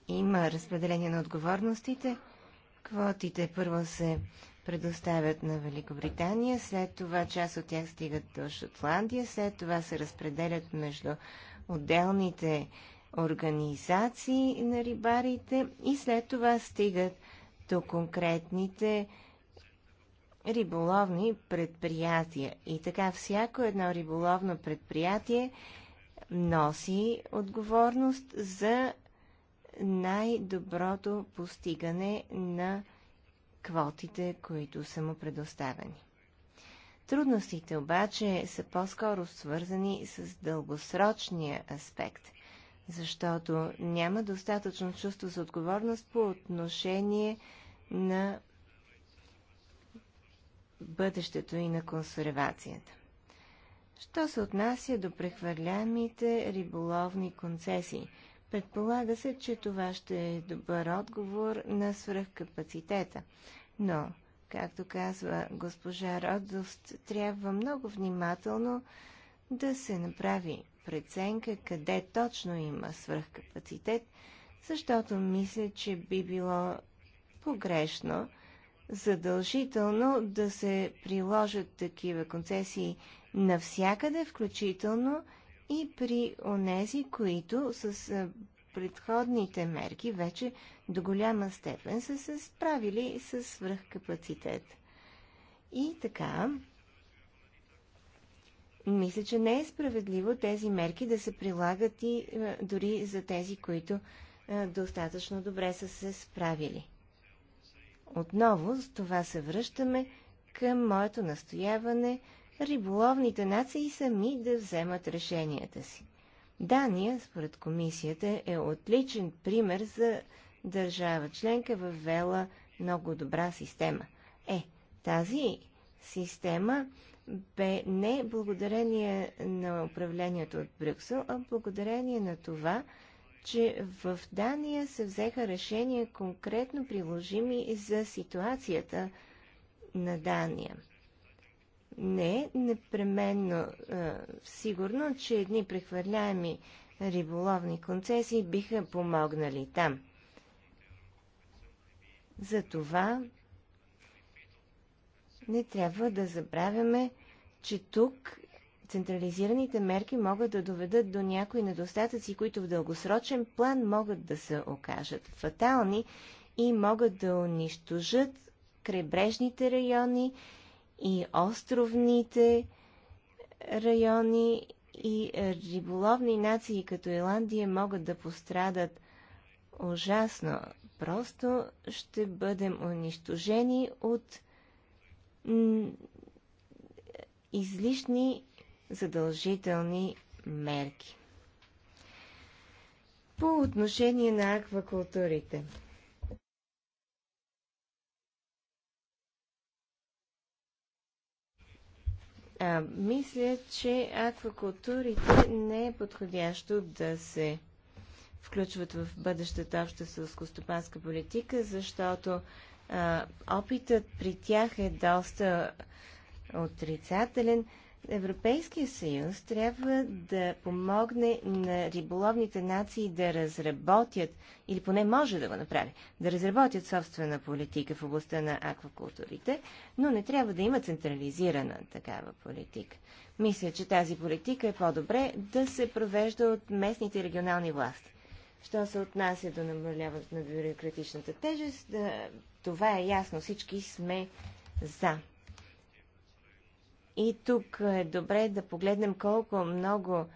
има разпределение на отговорностите. Квотите първо се предоставят на Великобритания, след това част от тях стигат до Шотландия, след това се разпределят между отделните организации на рибарите и след това стигат до конкретните риболовни предприятия. И така всяко едно риболовно предприятие носи отговорност за най-доброто постигане на квотите, които са му предоставени. Трудностите обаче са по-скоро свързани с дългосрочния аспект, защото няма достатъчно чувство за отговорност по отношение на бъдещето и на консервацията. Що се отнася до прехвърлямите риболовни концесии – Предполага се, че това ще е добър отговор на свръхкапацитета. Но, както казва госпожа Родост, трябва много внимателно да се направи преценка къде точно има свръхкапацитет, защото мисля, че би било погрешно задължително да се приложат такива концесии навсякъде, включително и при онези, които с предходните мерки вече до голяма степен са се справили с свръхкапацитет. И така, мисля, че не е справедливо тези мерки да се прилагат и дори за тези, които достатъчно добре са се справили. Отново с това се връщаме към моето настояване – риболовните нации сами да вземат решенията си. Дания, според комисията, е отличен пример за държава членка Вела много добра система. Е, тази система бе не благодарение на управлението от Брюксел, а благодарение на това, че в Дания се взеха решения конкретно приложими за ситуацията на Дания не е непременно а, сигурно, че едни прехвърляеми риболовни концесии биха помогнали там. Затова не трябва да забравяме, че тук централизираните мерки могат да доведат до някои недостатъци, които в дългосрочен план могат да се окажат фатални и могат да унищожат крайбрежните райони и островните райони и риболовни нации като Ирландия могат да пострадат ужасно. Просто ще бъдем унищожени от излишни задължителни мерки. По отношение на аквакултурите. А, мисля, че аквакултурите не е подходящо да се включват в бъдещата обща селскостопанска политика, защото а, опитът при тях е доста отрицателен. Европейския съюз трябва да помогне на риболовните нации да разработят, или поне може да го направи, да разработят собствена политика в областта на аквакултурите, но не трябва да има централизирана такава политика. Мисля, че тази политика е по-добре да се провежда от местните и регионални власти. Що се отнася до намаляването на бюрократичната тежест, да, това е ясно. Всички сме за и тук е добре да погледнем колко много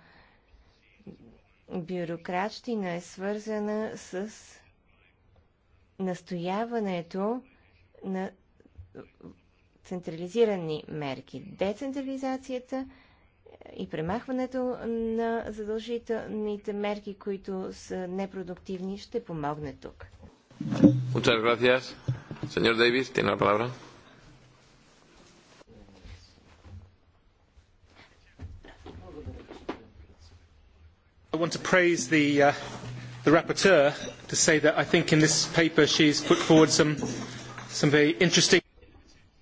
бюрократщина е свързана с настояването на централизирани мерки. Децентрализацията и премахването на задължителните мерки, които са непродуктивни, ще помогне тук. Muchas gracias. Señor Davis, tiene la palabra. I want to praise the, uh, the rapporteur to say that I think in this paper she's put forward some, some very interesting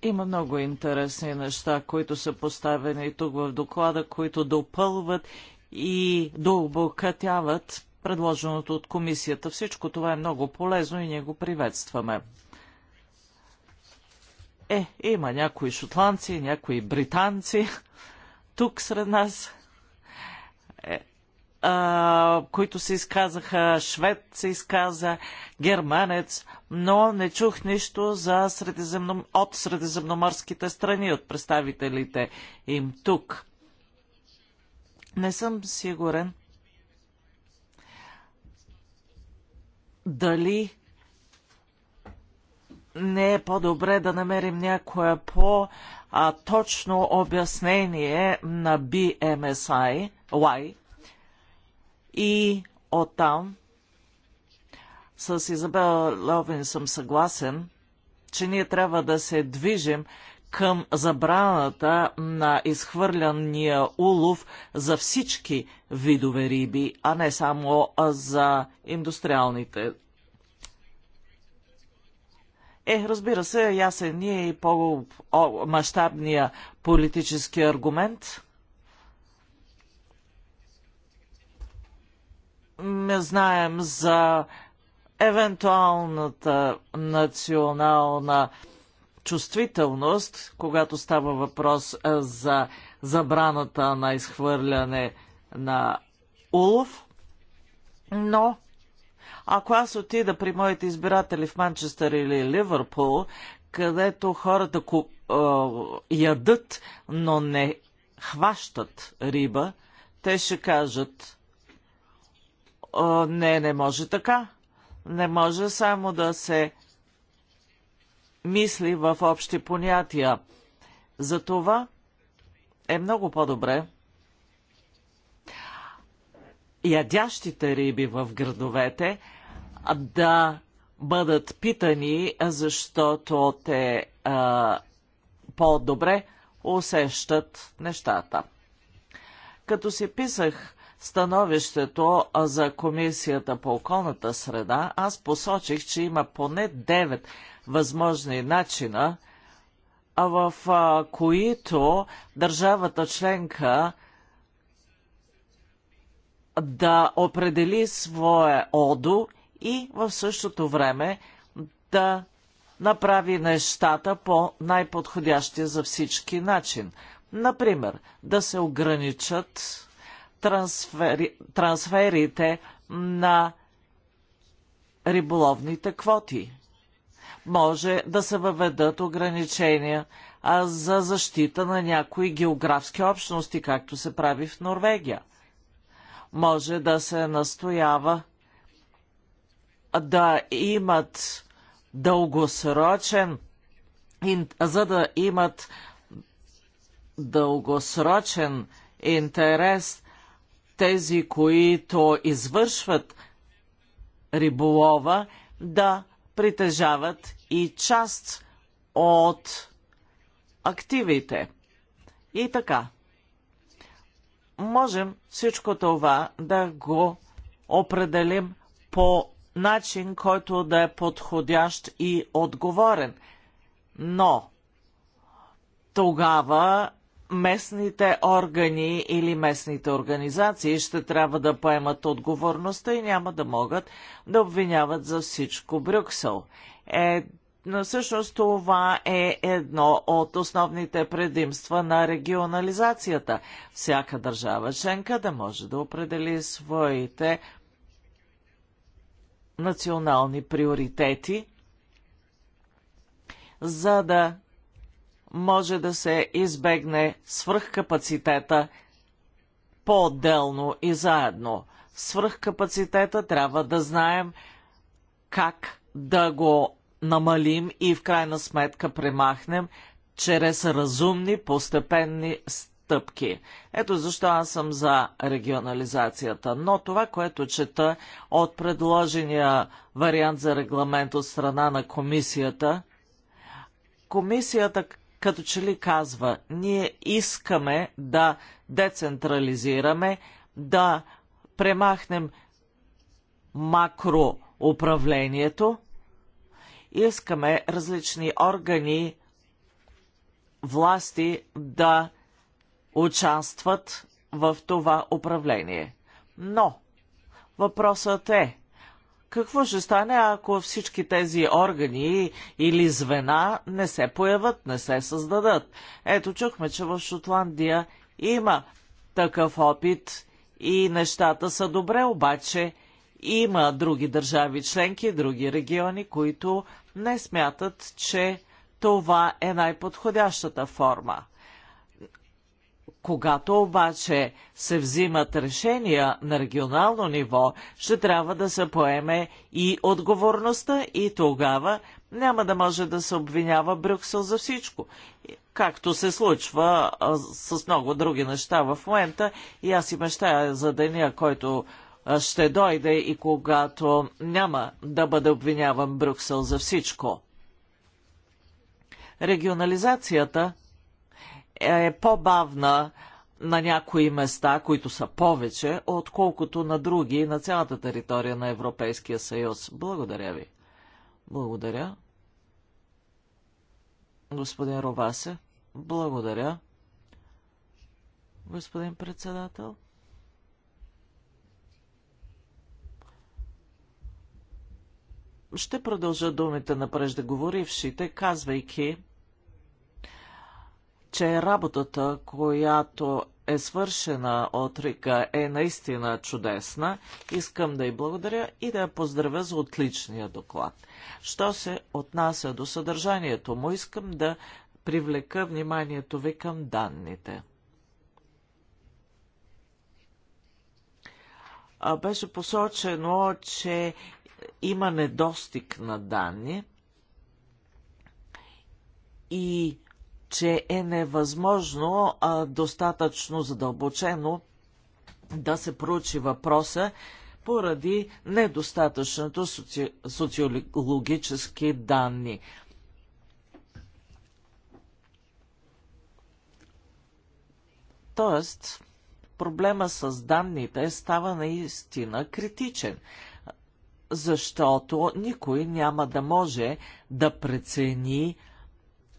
има много интересни неща, които са поставени тук в доклада, които допълват и дообокатяват предложеното от комисията. Всичко това е много полезно и ние го приветстваме. Е, има някои шотландци, някои британци (laughs) тук сред нас. Е, а, които се изказаха, швед се изказа, германец, но не чух нищо за средиземно... от средиземноморските страни, от представителите им тук. Не съм сигурен дали не е по-добре да намерим някое по-точно обяснение на BMSI, Y, и оттам с Изабела Ловин съм съгласен, че ние трябва да се движим към забраната на изхвърляния улов за всички видове риби, а не само за индустриалните. Е, разбира се, ясен ни е и по-масштабния политически аргумент – знаем за евентуалната национална чувствителност, когато става въпрос е, за забраната на изхвърляне на улов, но ако аз отида при моите избиратели в Манчестър или Ливърпул, където хората ку, е, ядат, но не хващат риба, те ще кажат, не, не може така. Не може само да се мисли в общи понятия. Затова е много по-добре ядящите риби в градовете да бъдат питани, защото те по-добре усещат нещата. Като си писах становището за Комисията по околната среда, аз посочих, че има поне 9 възможни начина, в които държавата членка да определи свое ОДО и в същото време да направи нещата по най-подходящия за всички начин. Например, да се ограничат трансфери, трансферите на риболовните квоти. Може да се въведат ограничения а за защита на някои географски общности, както се прави в Норвегия. Може да се настоява да имат дългосрочен, за да имат дългосрочен интерес тези, които извършват риболова, да притежават и част от активите. И така. Можем всичко това да го определим по начин, който да е подходящ и отговорен. Но тогава местните органи или местните организации ще трябва да поемат отговорността и няма да могат да обвиняват за всичко Брюксел. Е, но всъщност това е едно от основните предимства на регионализацията. Всяка държава членка да може да определи своите национални приоритети, за да може да се избегне свръхкапацитета по-отделно и заедно. Свръхкапацитета трябва да знаем как да го намалим и в крайна сметка премахнем чрез разумни постепенни стъпки. Ето защо аз съм за регионализацията. Но това, което чета от предложения вариант за регламент от страна на комисията, комисията като че ли казва, ние искаме да децентрализираме, да премахнем макроуправлението, искаме различни органи, власти да участват в това управление. Но въпросът е, какво ще стане, ако всички тези органи или звена не се появат, не се създадат? Ето, чухме, че в Шотландия има такъв опит и нещата са добре, обаче има други държави членки, други региони, които не смятат, че това е най-подходящата форма. Когато обаче се взимат решения на регионално ниво, ще трябва да се поеме и отговорността и тогава няма да може да се обвинява Брюксел за всичко. Както се случва а, с много други неща в момента и аз си мечтая за деня, който ще дойде и когато няма да бъде обвиняван Брюксел за всичко. Регионализацията – е по-бавна на някои места, които са повече, отколкото на други на цялата територия на Европейския съюз. Благодаря ви. Благодаря. Господин Ровасе, благодаря. Господин председател. Ще продължа думите на преждеговорившите, казвайки, че работата, която е свършена от Рика, е наистина чудесна. Искам да й благодаря и да я поздравя за отличния доклад. Що се отнася до съдържанието му, искам да привлека вниманието ви към данните. Беше посочено, че има недостиг на данни и че е невъзможно а, достатъчно задълбочено да се проучи въпроса поради недостатъчното соци... социологически данни. Тоест, проблема с данните става наистина критичен, защото никой няма да може да прецени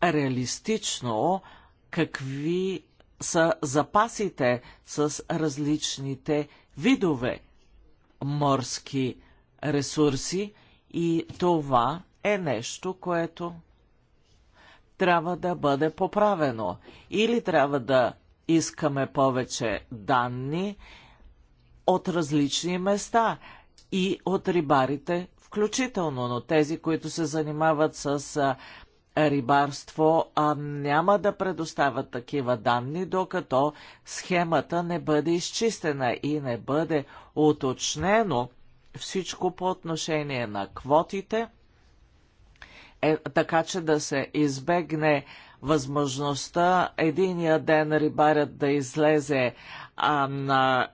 реалистично какви са запасите с различните видове морски ресурси и това е нещо, което трябва да бъде поправено. Или трябва да искаме повече данни от различни места и от рибарите включително, но тези, които се занимават с рибарство а няма да предоставят такива данни, докато схемата не бъде изчистена и не бъде уточнено всичко по отношение на квотите, е, така че да се избегне възможността единия ден рибарят да излезе а, на,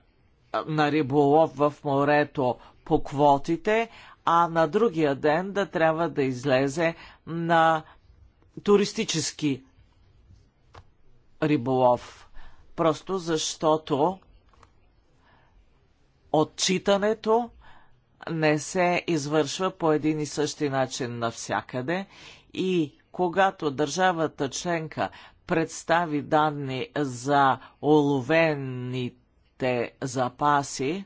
на риболов в морето по квотите, а на другия ден да трябва да излезе на туристически риболов. Просто защото отчитането не се извършва по един и същи начин навсякъде и когато държавата членка представи данни за оловените запаси,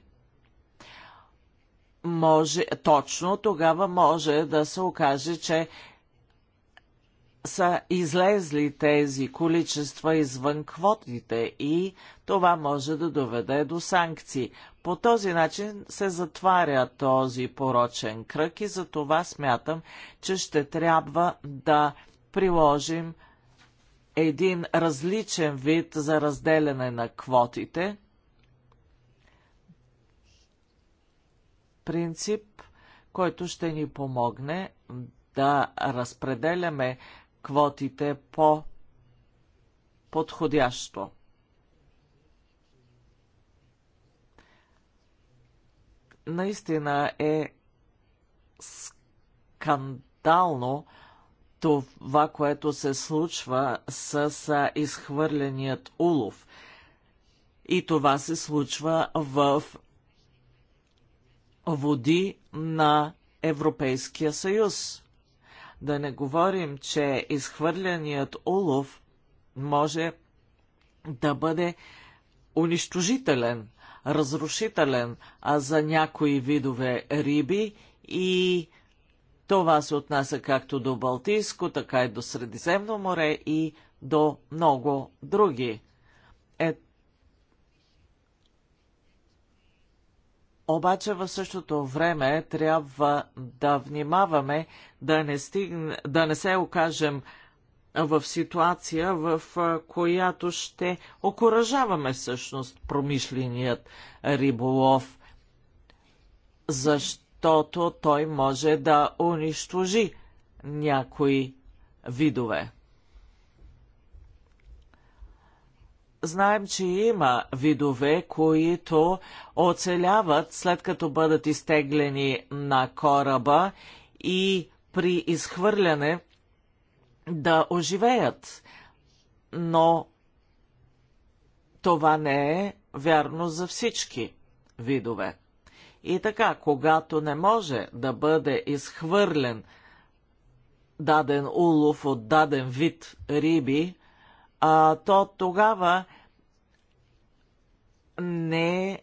може, точно тогава може да се окаже, че са излезли тези количества извън квотите и това може да доведе до санкции. По този начин се затваря този порочен кръг и за това смятам, че ще трябва да приложим един различен вид за разделяне на квотите. Принцип, който ще ни помогне да разпределяме квотите по подходящо. Наистина е скандално това, което се случва с изхвърленият улов. И това се случва в води на Европейския съюз. Да не говорим, че изхвърляният улов може да бъде унищожителен, разрушителен а за някои видове риби и това се отнася както до Балтийско, така и до Средиземно море и до много други. Ето Обаче в същото време трябва да внимаваме да не, стигне, да не се окажем в ситуация, в която ще окоръжаваме всъщност промишленият риболов, защото той може да унищожи някои видове. знаем, че има видове, които оцеляват след като бъдат изтеглени на кораба и при изхвърляне да оживеят. Но това не е вярно за всички видове. И така, когато не може да бъде изхвърлен даден улов от даден вид риби, а, то тогава не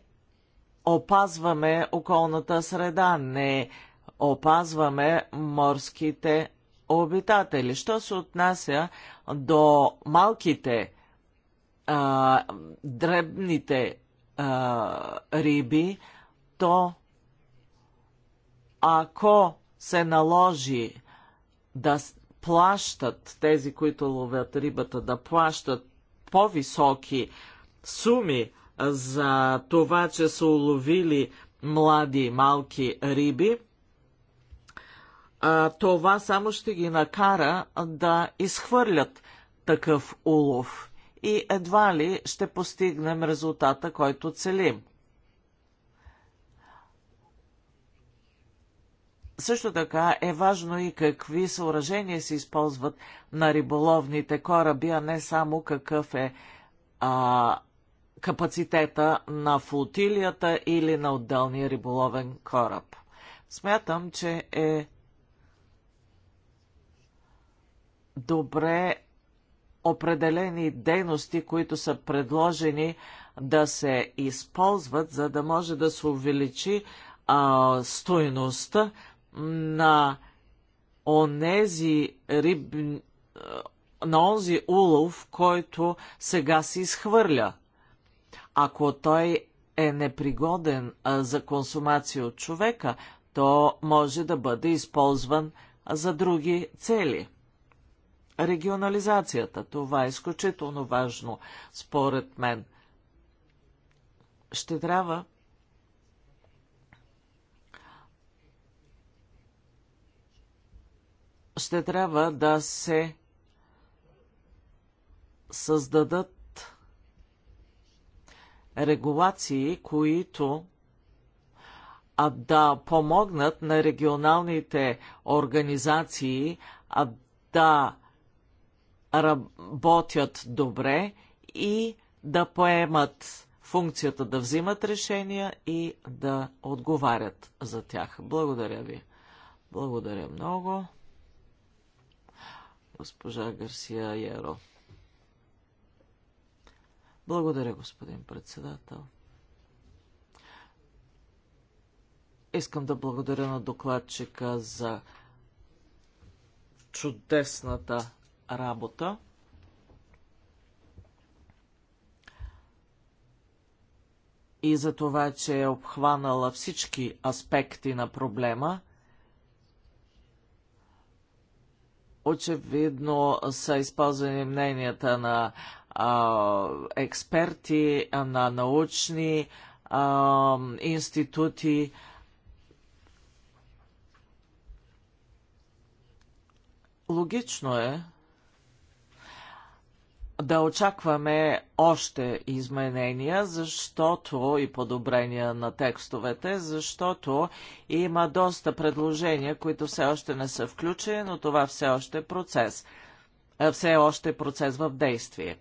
опазваме околната среда, не опазваме морските обитатели. Що се отнася до малките, а, дребните а, риби, то ако се наложи да плащат, тези, които ловят рибата, да плащат по-високи суми за това, че са уловили млади и малки риби, това само ще ги накара да изхвърлят такъв улов и едва ли ще постигнем резултата, който целим. Също така е важно и какви съоръжения се използват на риболовните кораби, а не само какъв е а, капацитета на флотилията или на отделния риболовен кораб. Смятам, че е добре определени дейности, които са предложени да се използват, за да може да се увеличи а, стойността на онези риб... на онзи улов, който сега се изхвърля. Ако той е непригоден за консумация от човека, то може да бъде използван за други цели. Регионализацията. Това е изключително важно, според мен. Ще трябва ще трябва да се създадат регулации, които а да помогнат на регионалните организации а да работят добре и да поемат функцията да взимат решения и да отговарят за тях. Благодаря ви. Благодаря много госпожа Гарсия Яро. Благодаря, господин председател. Искам да благодаря на докладчика за чудесната работа. И за това, че е обхванала всички аспекти на проблема – очевидно са използвани мненията на а, експерти, на научни а, институти. Логично е, да очакваме още изменения, защото и подобрения на текстовете, защото има доста предложения, които все още не са включени, но това все още е процес. Все още е процес в действие.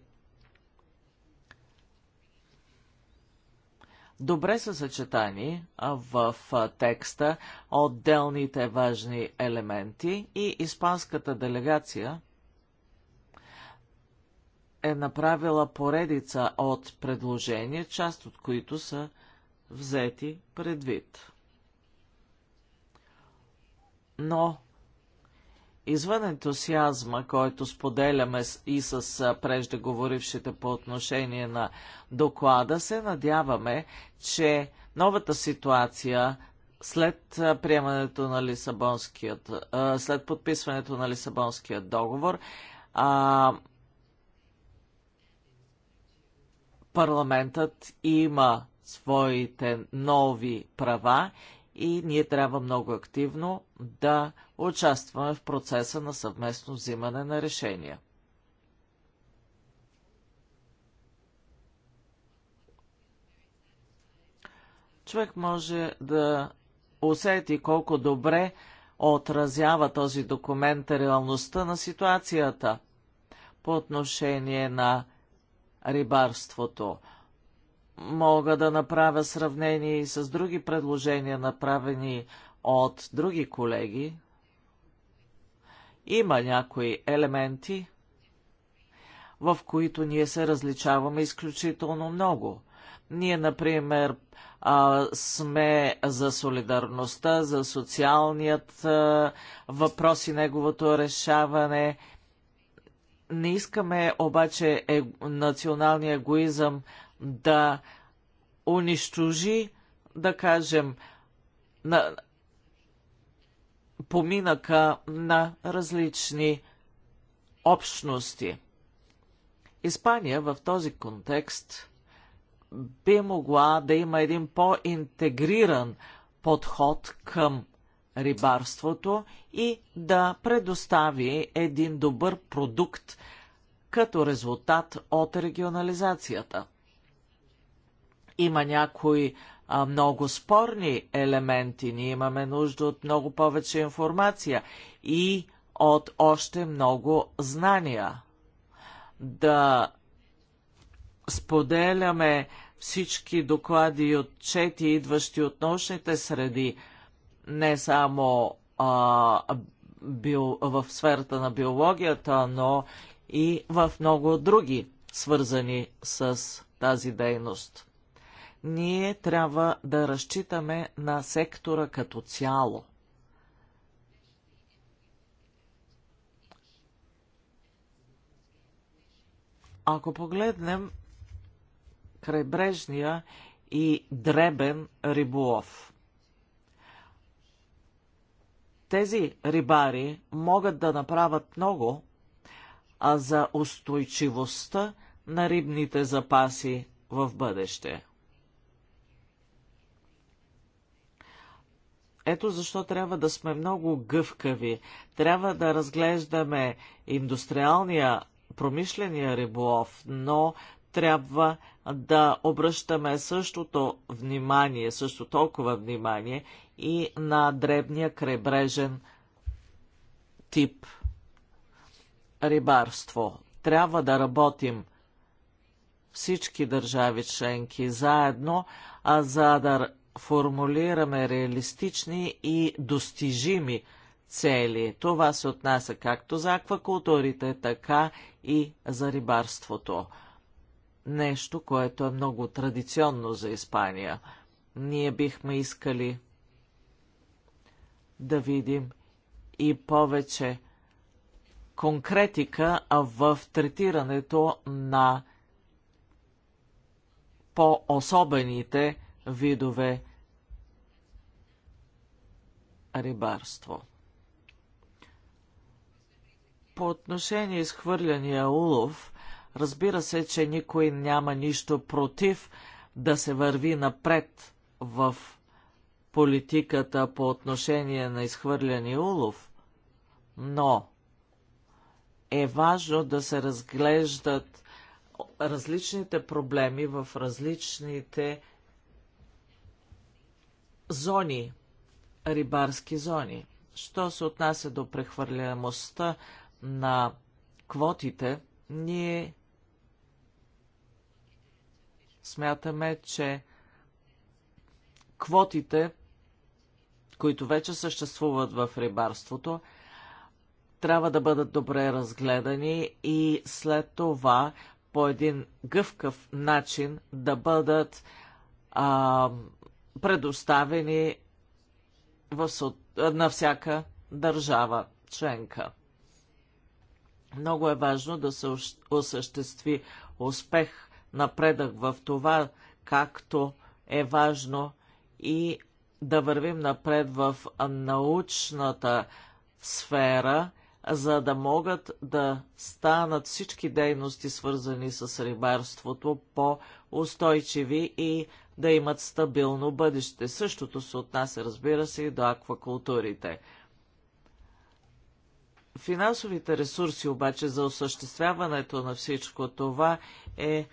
Добре са съчетани в текста отделните важни елементи и испанската делегация – е направила поредица от предложения, част от които са взети предвид. Но извън ентусиазма, който споделяме и с преждеговорившите по отношение на доклада, се надяваме, че новата ситуация след приемането на Лисабонският, след подписването на Лисабонският договор, парламентът има своите нови права и ние трябва много активно да участваме в процеса на съвместно взимане на решения. Човек може да усети колко добре отразява този документ реалността на ситуацията по отношение на рибарството. Мога да направя сравнение и с други предложения, направени от други колеги. Има някои елементи, в които ние се различаваме изключително много. Ние, например, сме за солидарността, за социалният въпрос и неговото решаване – не искаме обаче е, националния егоизъм да унищожи, да кажем, на поминъка на различни общности. Испания в този контекст би могла да има един по-интегриран подход към рибарството и да предостави един добър продукт като резултат от регионализацията. Има някои а, много спорни елементи. Ние имаме нужда от много повече информация и от още много знания. Да споделяме всички доклади и отчети, идващи от научните среди – не само а, био, в сферата на биологията, но и в много други, свързани с тази дейност. Ние трябва да разчитаме на сектора като цяло. Ако погледнем крайбрежния и дребен риболов – тези рибари могат да направят много а за устойчивостта на рибните запаси в бъдеще. Ето защо трябва да сме много гъвкави. Трябва да разглеждаме индустриалния, промишления риболов, но трябва да обръщаме същото внимание, също толкова внимание и на дребния крайбрежен тип рибарство. Трябва да работим всички държави членки заедно, а за да формулираме реалистични и достижими цели. Това се отнася както за аквакултурите, така и за рибарството нещо, което е много традиционно за Испания. Ние бихме искали да видим и повече конкретика в третирането на по-особените видове рибарство. По отношение с хвърляния улов – Разбира се, че никой няма нищо против да се върви напред в политиката по отношение на изхвърляни улов, но е важно да се разглеждат различните проблеми в различните зони, рибарски зони. Що се отнася до прехвърляемостта на квотите, ние Смятаме, че квотите, които вече съществуват в рибарството, трябва да бъдат добре разгледани и след това по един гъвкав начин да бъдат а, предоставени в, на всяка държава членка. Много е важно да се осъществи успех напредък в това, както е важно и да вървим напред в научната сфера, за да могат да станат всички дейности, свързани с рибарството, по-устойчиви и да имат стабилно бъдеще. Същото се отнася, разбира се, и до аквакултурите. Финансовите ресурси обаче за осъществяването на всичко това е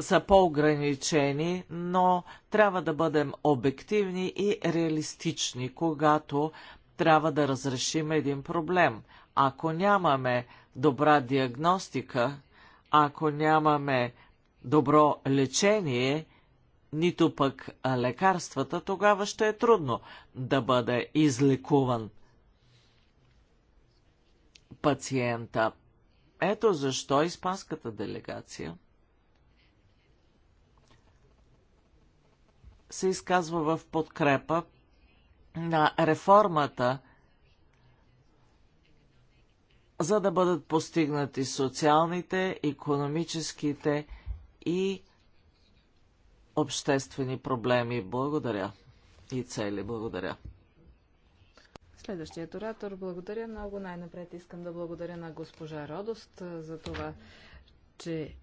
са по-ограничени, но трябва да бъдем обективни и реалистични, когато трябва да разрешим един проблем. Ако нямаме добра диагностика, ако нямаме добро лечение, нито пък лекарствата, тогава ще е трудно да бъде излекуван пациента. Ето защо испанската делегация – се изказва в подкрепа на реформата, за да бъдат постигнати социалните, економическите и обществени проблеми. Благодаря и цели. Благодаря. Следващият оратор. Благодаря много. Най-напред искам да благодаря на госпожа Родост за това, че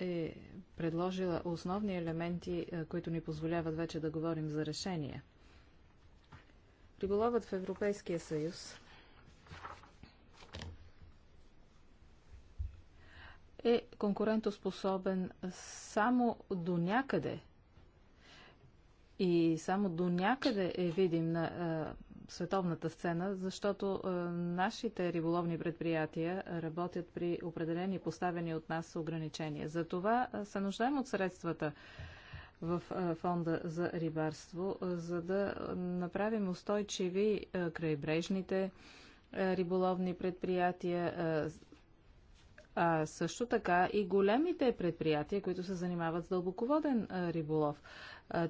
е предложила основни елементи, е, които ни позволяват вече да говорим за решения. Риболовът в Европейския съюз е конкурентоспособен само до някъде и само до някъде е видим на е, световната сцена, защото е, нашите риболовни предприятия работят при определени поставени от нас ограничения. Затова е, се нуждаем от средствата в е, фонда за рибарство, за да направим устойчиви крайбрежните риболовни предприятия, а също така и големите предприятия, които се занимават с дълбоководен риболов.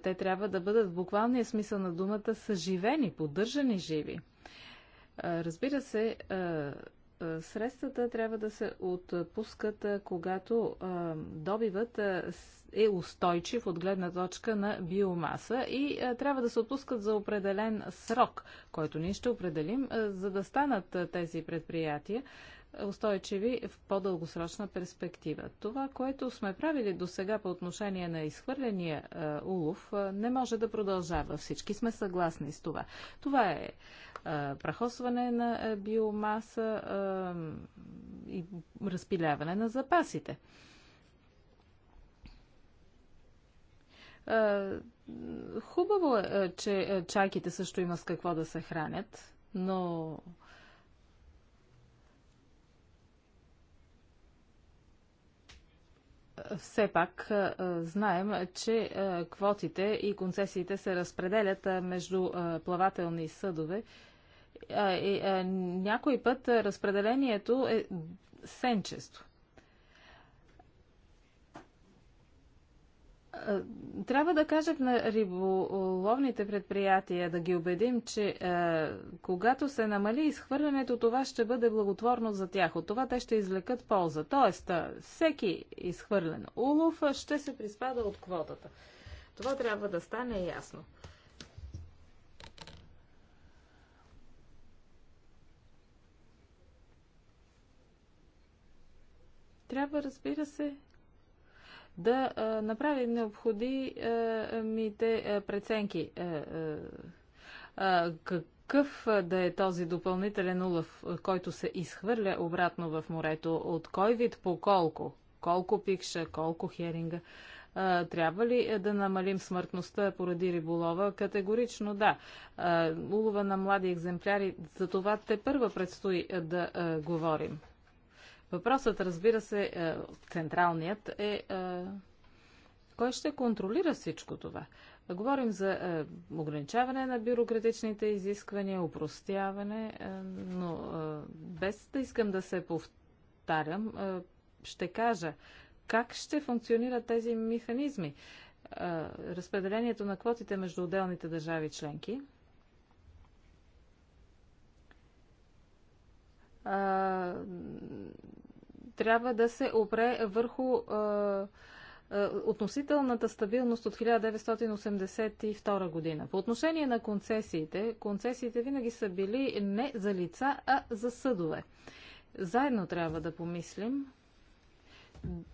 Те трябва да бъдат в буквалния смисъл на думата съживени, поддържани живи. Разбира се, средствата трябва да се отпускат, когато добивът е устойчив от гледна точка на биомаса и трябва да се отпускат за определен срок, който ние ще определим, за да станат тези предприятия устойчиви в по-дългосрочна перспектива. Това, което сме правили до сега по отношение на изхвърления е, улов, е, не може да продължава. Всички сме съгласни с това. Това е, е прахосване на е, биомаса е, и разпиляване на запасите. Хубаво е, че чайките също има с какво да се хранят, но все пак знаем, че квотите и концесиите се разпределят между плавателни съдове. Някой път разпределението е сенчесто. Е, трябва да кажем на риболовните предприятия, да ги убедим, че е, когато се намали изхвърлянето, това ще бъде благотворно за тях. От това те ще извлекат полза. Тоест, е, всеки изхвърлен улов ще се приспада от квотата. Това трябва да стане ясно. Трябва, разбира се, да направи необходимите преценки. Какъв да е този допълнителен улов, който се изхвърля обратно в морето? От кой вид по колко? Колко пикша, колко херинга? Трябва ли да намалим смъртността поради риболова? Категорично да. Улова на млади екземпляри, за това те първа предстои да говорим. Въпросът, разбира се, е, централният е, е кой ще контролира всичко това? Говорим за е, ограничаване на бюрократичните изисквания, упростяване, но без да искам да се повтарям, ще кажа как ще функционират тези механизми. разпределението на квотите между отделните държави членки. А, трябва да се опре върху относителната стабилност от 1982 година. По отношение на концесиите, концесиите винаги са били не за лица, а за съдове. Заедно трябва да помислим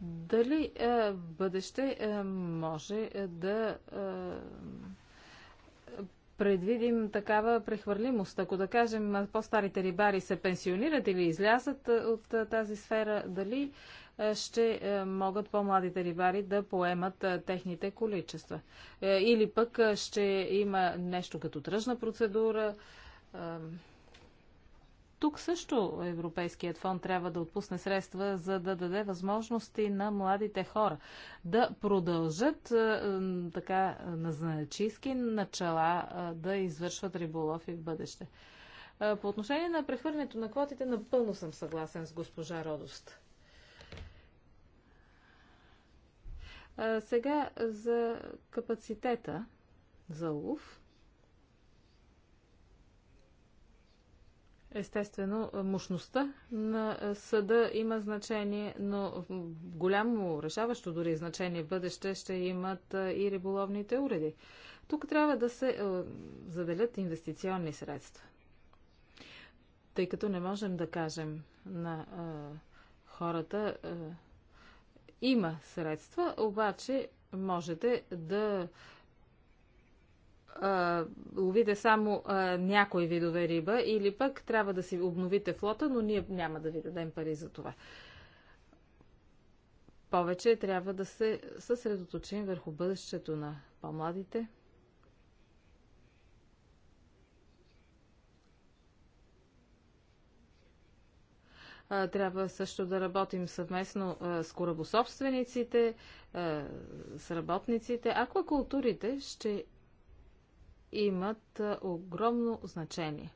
дали в бъдеще може да предвидим такава прехвърлимост. Ако да кажем по-старите рибари се пенсионират или излязат е, от е, тази сфера, дали е, ще могат по-младите рибари да поемат техните количества? Или пък ще има нещо като тръжна процедура? Тук също Европейският фонд трябва да отпусне средства, за да даде възможности на младите хора да продължат е, така на начала е, да извършват риболов и в бъдеще. Е, по отношение на прехвърлянето на квотите, напълно съм съгласен с госпожа Родост. Сега за капацитета за лов. Естествено, мощността на съда има значение, но голямо решаващо дори значение в бъдеще ще имат и риболовните уреди. Тук трябва да се заделят инвестиционни средства. Тъй като не можем да кажем на хората, има средства, обаче можете да а, ловите само а, някои видове риба или пък трябва да си обновите флота, но ние няма да ви дадем пари за това. Повече трябва да се съсредоточим върху бъдещето на по-младите. трябва също да работим съвместно с корабособствениците, с работниците. Аквакултурите ще имат огромно значение.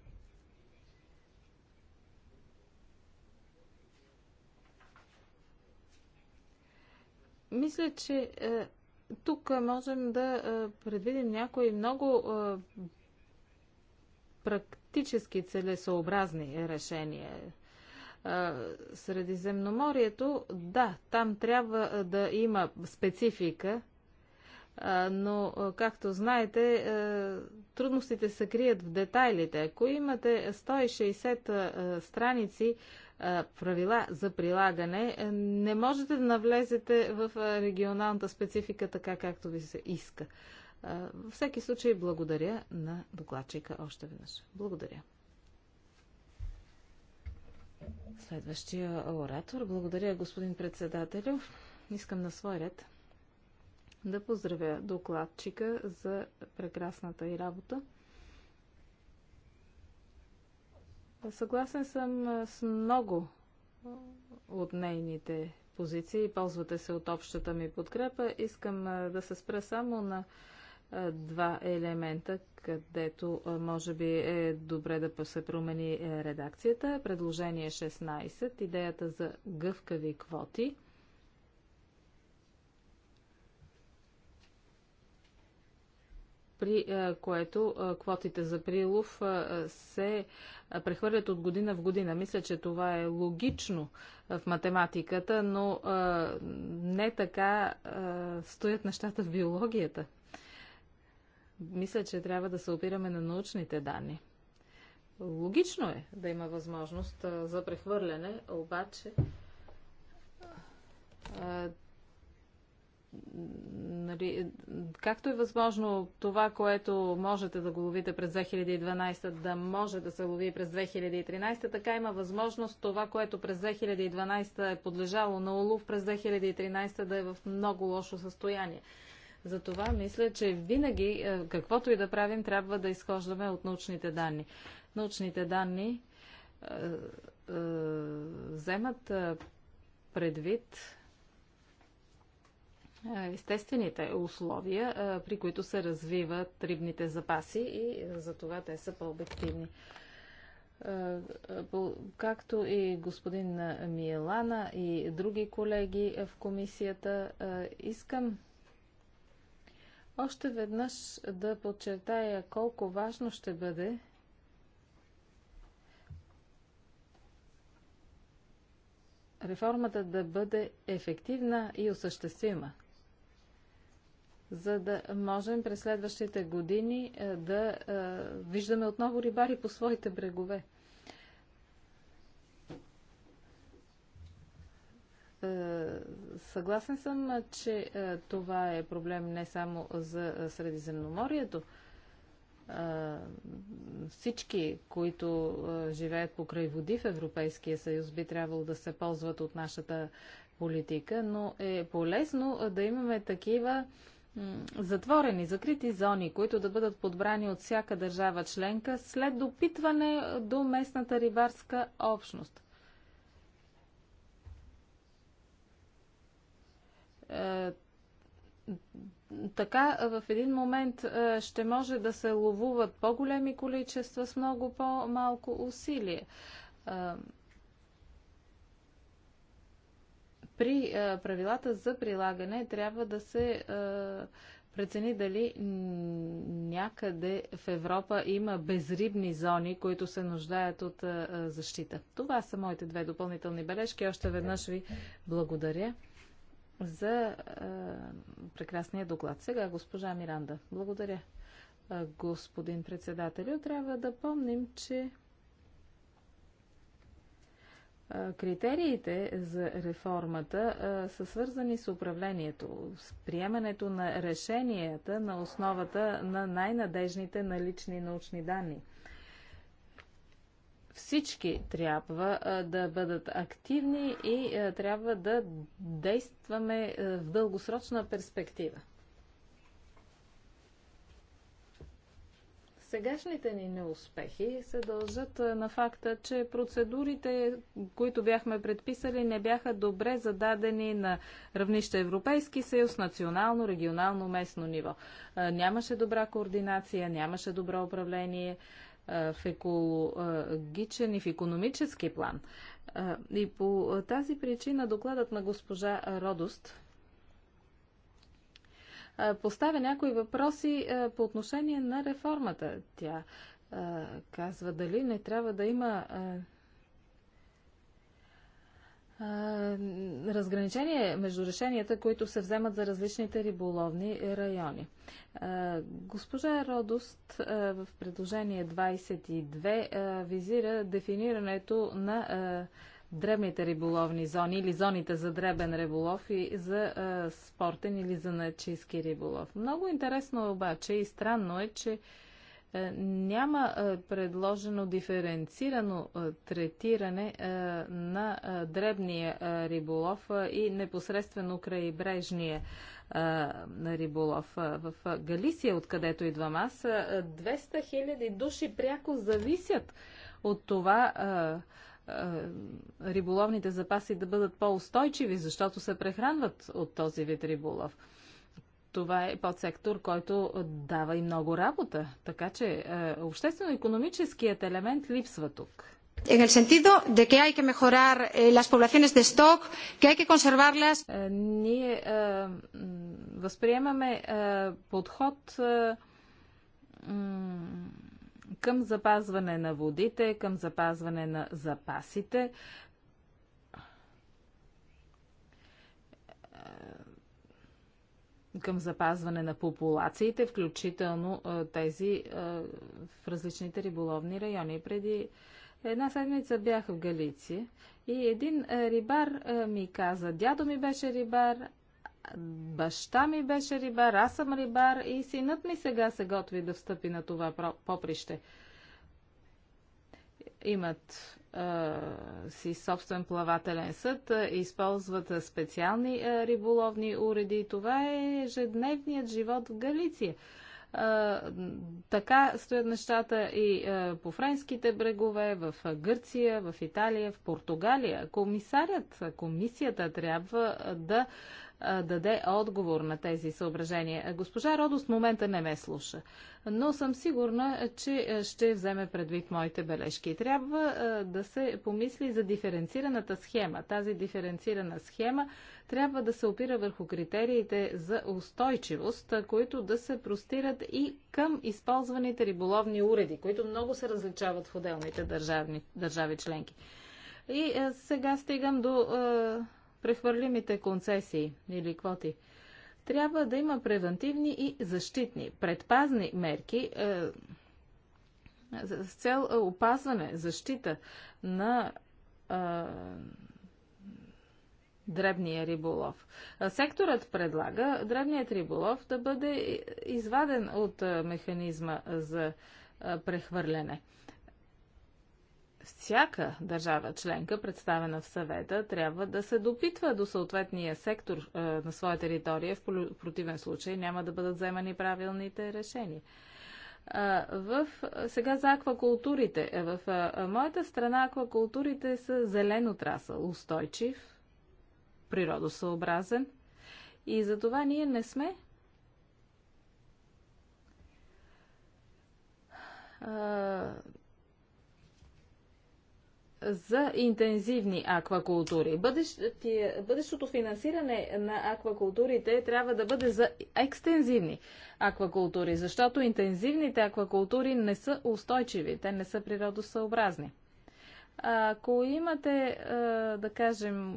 Мисля, че е, тук можем да е, предвидим някои много е, практически целесообразни решения. Е, Средиземноморието, да, там трябва е, да има специфика, но, както знаете, трудностите се крият в детайлите. Ако имате 160 страници правила за прилагане, не можете да навлезете в регионалната специфика така, както ви се иска. Във всеки случай, благодаря на докладчика още веднъж. Благодаря. Следващия оратор. Благодаря, господин председателю. Искам на свой ред да поздравя докладчика за прекрасната и работа. Съгласен съм с много от нейните позиции. Ползвате се от общата ми подкрепа. Искам да се спра само на два елемента, където може би е добре да се промени е, редакцията. Предложение 16, идеята за гъвкави квоти – при е, което е, квотите за прилов е, се прехвърлят от година в година. Мисля, че това е логично в математиката, но не така стоят нещата в биологията. Мисля, че трябва да се опираме на научните данни. Логично е да има възможност за прехвърляне, обаче нали, както е възможно това, което можете да го ловите през 2012, да може да се лови през 2013, така има възможност това, което през 2012 е подлежало на улов, през 2013 да е в много лошо състояние. Затова мисля, че винаги, е, каквото и да правим, трябва да изхождаме от научните данни. Научните данни е, е, вземат предвид е, естествените условия, е, при които се развиват рибните запаси и е, за това те са по-обективни. Както и господин Миелана и други колеги в комисията, искам още веднъж да подчертая колко важно ще бъде реформата да бъде ефективна и осъществима за да можем през следващите години е, да е, виждаме отново рибари по своите брегове. Е, съгласен съм, че това е проблем не само за Средиземноморието. Всички, които живеят покрай води в Европейския съюз, би трябвало да се ползват от нашата политика, но е полезно да имаме такива затворени, закрити зони, които да бъдат подбрани от всяка държава членка след допитване до местната рибарска общност. Е, така в един момент е, ще може да се ловуват по-големи количества с много по-малко усилие. Е, при а, правилата за прилагане трябва да се а, прецени дали някъде в Европа има безрибни зони, които се нуждаят от а, защита. Това са моите две допълнителни бележки. Още веднъж ви благодаря за прекрасния доклад. Сега госпожа Миранда. Благодаря. господин председателю, трябва да помним, че Критериите за реформата са свързани с управлението, с приемането на решенията на основата на най-надежните налични научни данни. Всички трябва да бъдат активни и трябва да действаме в дългосрочна перспектива. Сегашните ни неуспехи се дължат на факта, че процедурите, които бяхме предписали, не бяха добре зададени на равнище Европейски съюз, национално, регионално, местно ниво. Нямаше добра координация, нямаше добро управление в екологичен и в економически план. И по тази причина докладът на госпожа Родост поставя някои въпроси по отношение на реформата. Тя казва дали не трябва да има разграничение между решенията, които се вземат за различните риболовни райони. Госпожа Родост в предложение 22 визира дефинирането на дребните риболовни зони или зоните за дребен риболов и за а, е, спортен или за начински риболов. Много интересно обаче и странно е, че а, е, няма а, е, предложено диференцирано а, третиране а, на а, дребния а, риболов а, и непосредствено крайбрежния на риболов. в Галисия, откъдето идвам аз, 200 000 души пряко зависят от това а, е, риболовните запаси да бъдат по-устойчиви, защото се прехранват от този вид риболов. Това е подсектор, който дава и много работа. Така че е, обществено-економическият елемент липсва тук. En el sentido de que hay que mejorar eh, las poblaciones de stock, que hay que conservarlas. Е, ние възприемаме подход към запазване на водите, към запазване на запасите. Е, към запазване на популациите, включително е, тези е, в различните риболовни райони. Преди една седмица бях в Галиция и един рибар ми каза, дядо ми беше рибар, Баща ми беше рибар, аз съм рибар и синът ми сега се готви да встъпи на това поприще. Имат а, си собствен плавателен съд, използват специални а, риболовни уреди. Това е ежедневният живот в Галиция. А, така стоят нещата и а, по френските брегове, в Гърция, в Италия, в Португалия. Комисарят, комисията трябва да даде отговор на тези съображения. Госпожа Родост в момента не ме слуша, но съм сигурна, че ще вземе предвид моите бележки. Трябва да се помисли за диференцираната схема. Тази диференцирана схема трябва да се опира върху критериите за устойчивост, които да се простират и към използваните риболовни уреди, които много се различават в отделните държави членки. И сега стигам до прехвърлимите концесии или квоти. Трябва да има превентивни и защитни, предпазни мерки е, с цел е, опазване, защита на е, дребния риболов. Е, секторът предлага дребният риболов да бъде изваден от е, механизма за прехвърляне всяка държава членка, представена в съвета, трябва да се допитва до съответния сектор е, на своя територия. В противен случай няма да бъдат вземани правилните решения. В, сега за аквакултурите. Е, в моята страна аквакултурите са зелен отрасъл, устойчив, природосъобразен. И за това ние не сме за интензивни аквакултури. бъдещото финансиране на аквакултурите трябва да бъде за екстензивни аквакултури, защото интензивните аквакултури не са устойчиви, те не са природосъобразни. Ако имате, е, да кажем,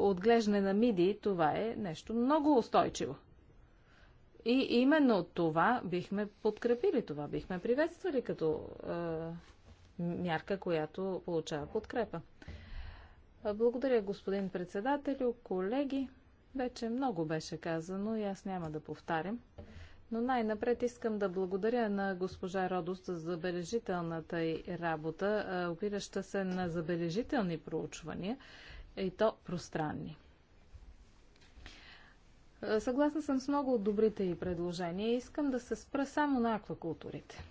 отглеждане на миди, това е нещо много устойчиво. И именно това бихме подкрепили, това бихме приветствали като е, мярка, която получава подкрепа. Благодаря, господин председателю, колеги. Вече много беше казано и аз няма да повтарям. Но най-напред искам да благодаря на госпожа Родост за забележителната й работа, опираща се на забележителни проучвания и то пространни. Съгласна съм с много от добрите й предложения и искам да се спра само на аквакултурите.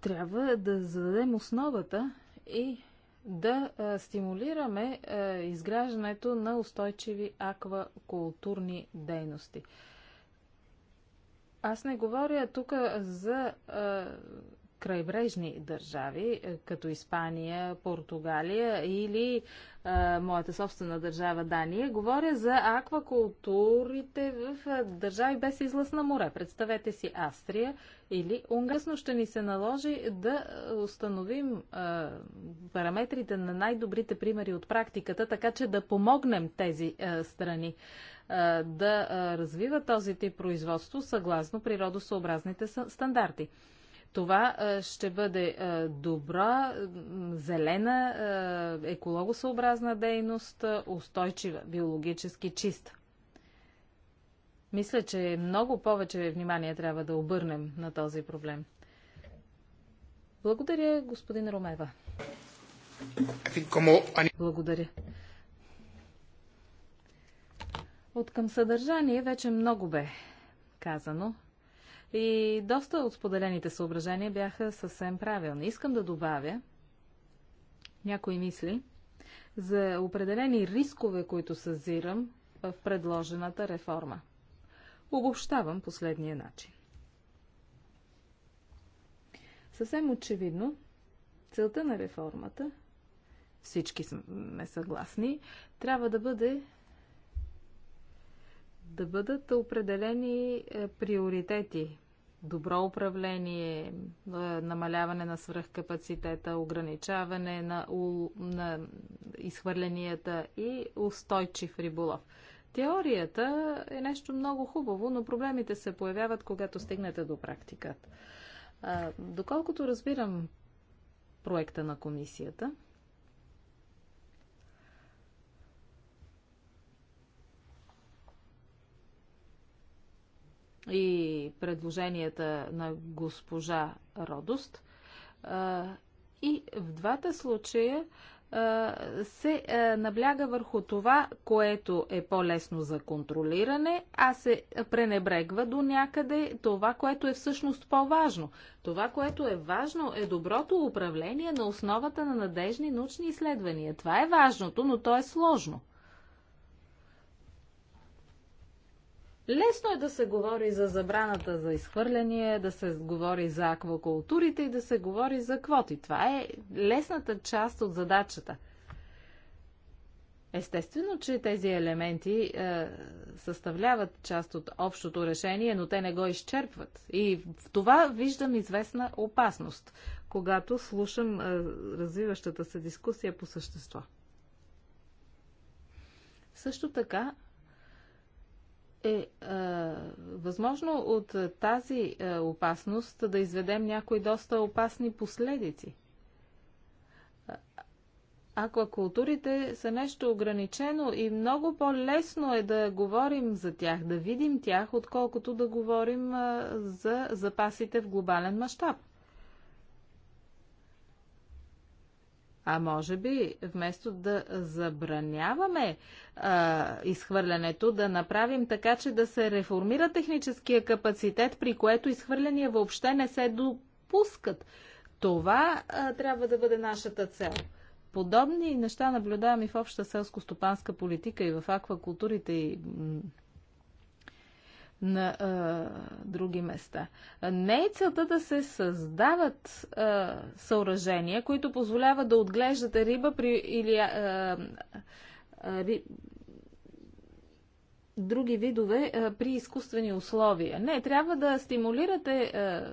трябва да зададем основата и да стимулираме изграждането на устойчиви аквакултурни дейности. Аз не говоря тук за крайбрежни държави, е, като Испания, Португалия или а, е, моята собствена държава Дания. Говоря за аквакултурите в е, държави без излъз на море. Представете си Австрия или Унгарсно ще ни се наложи да установим а, параметрите на най-добрите примери от практиката, така че да помогнем тези а, страни да развива този тип производство съгласно природосъобразните стандарти. Това ще бъде добра, зелена, екологосъобразна дейност, устойчива, биологически чиста. Мисля, че много повече внимание трябва да обърнем на този проблем. Благодаря, господин Ромева. Благодаря. От към съдържание вече много бе казано. И доста от споделените съображения бяха съвсем правилни. Искам да добавя някои мисли за определени рискове, които съзирам в предложената реформа. Обобщавам последния начин. Съвсем очевидно, целта на реформата, всички сме съгласни, трябва да бъде да бъдат определени е, приоритети добро управление, е, намаляване на свръхкапацитета, ограничаване на, у, на изхвърленията и устойчив риболов. Теорията е нещо много хубаво, но проблемите се появяват, когато стигнете до практиката. Доколкото разбирам проекта на комисията, и предложенията на госпожа Родост. И в двата случая се набляга върху това, което е по-лесно за контролиране, а се пренебрегва до някъде това, което е всъщност по-важно. Това, което е важно, е доброто управление на основата на надежни научни изследвания. Това е важното, но то е сложно. Лесно е да се говори за забраната за изхвърляне, да се говори за аквакултурите и да се говори за квоти. Това е лесната част от задачата. Естествено, че тези елементи е, съставляват част от общото решение, но те не го изчерпват. И в това виждам известна опасност, когато слушам е, развиващата се дискусия по същество. Също така, е а, възможно от тази а, опасност да изведем някои доста опасни последици. Аквакултурите са нещо ограничено и много по-лесно е да говорим за тях, да видим тях, отколкото да говорим а, за запасите в глобален мащаб. А може би, вместо да забраняваме а, изхвърлянето, да направим така, че да се реформира техническия капацитет, при което изхвърляния въобще не се допускат. Това а, трябва да бъде нашата цел. Подобни неща наблюдавам и в обща селско-стопанска политика, и в аквакултурите, и на а, други места. Не е целта да се създават а, съоръжения, които позволяват да отглеждате риба при, или а, а, ри, други видове а, при изкуствени условия. Не, трябва да стимулирате а,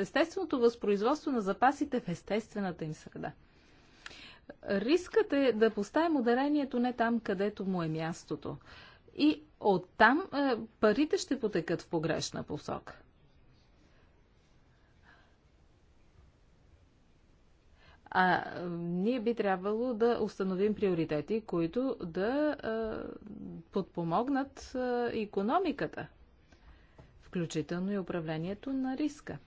естественото възпроизводство на запасите в естествената им среда. Рискът е да поставим ударението не там, където му е мястото. А, и оттам е, парите ще потекат в погрешна посока. А ние би трябвало да установим приоритети, които да а, е, подпомогнат а, е, економиката, включително и управлението на риска.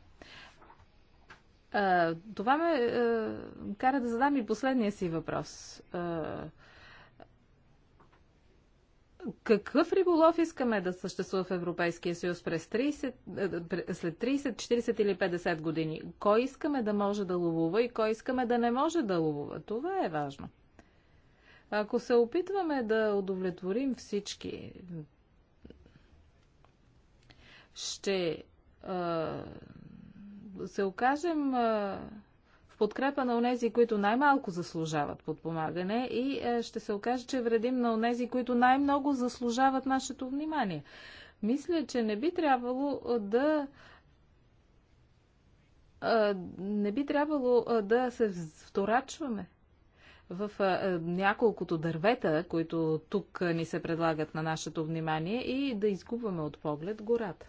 А, това ме а, кара да задам и последния си въпрос. А, какъв риболов искаме да съществува в Европейския съюз през 30, е, след 30, 40 или 50 години? Кой искаме да може да ловува и кой искаме да не може да ловува? Това е важно. Ако се опитваме да удовлетворим всички, ще а, се окажем а, подкрепа на онези, които най-малко заслужават подпомагане и е, ще се окаже, че вредим на онези, които най-много заслужават нашето внимание. Мисля, че не би трябвало е, да е, не би трябвало да се вторачваме в няколкото дървета, които тук ни се предлагат на нашето внимание и да изгубваме от поглед гората.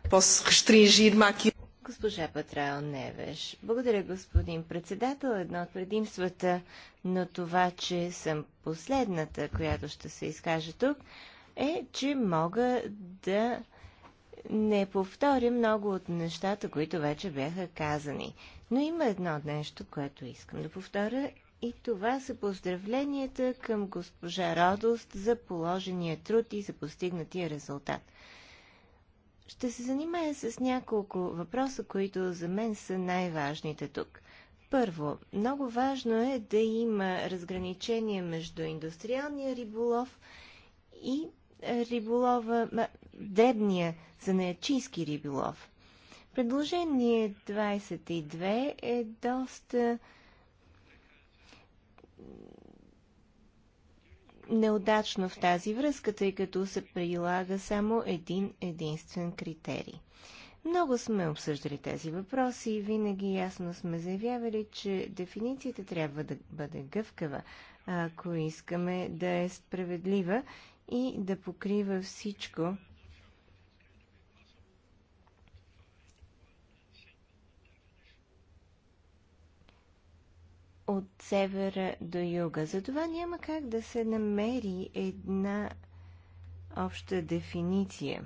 Госпожа Патрао Невеш. Благодаря, господин председател. Едно от предимствата на това, че съм последната, която ще се изкаже тук, е, че мога да не повторя много от нещата, които вече бяха казани. Но има едно нещо, което искам да повторя и това са поздравленията към госпожа Родост за положения труд и за постигнатия резултат. Ще се занимая с няколко въпроса, които за мен са най-важните тук. Първо, много важно е да има разграничение между индустриалния риболов и риболова, дребния занаячийски риболов. Предложение 22 е доста неудачно в тази връзка, тъй като се прилага само един единствен критерий. Много сме обсъждали тези въпроси и винаги ясно сме заявявали, че дефиницията трябва да бъде гъвкава, ако искаме да е справедлива и да покрива всичко, от севера до юга. Затова няма как да се намери една обща дефиниция.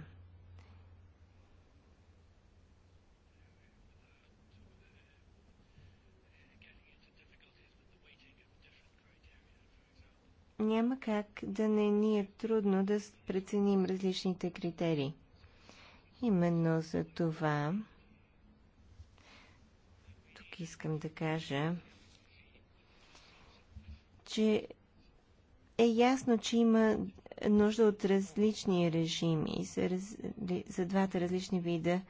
Няма как да не ни е трудно да преценим различните критерии. Именно за това тук искам да кажа, че е ясно, че има нужда от различни режими за, раз, за двата различни вида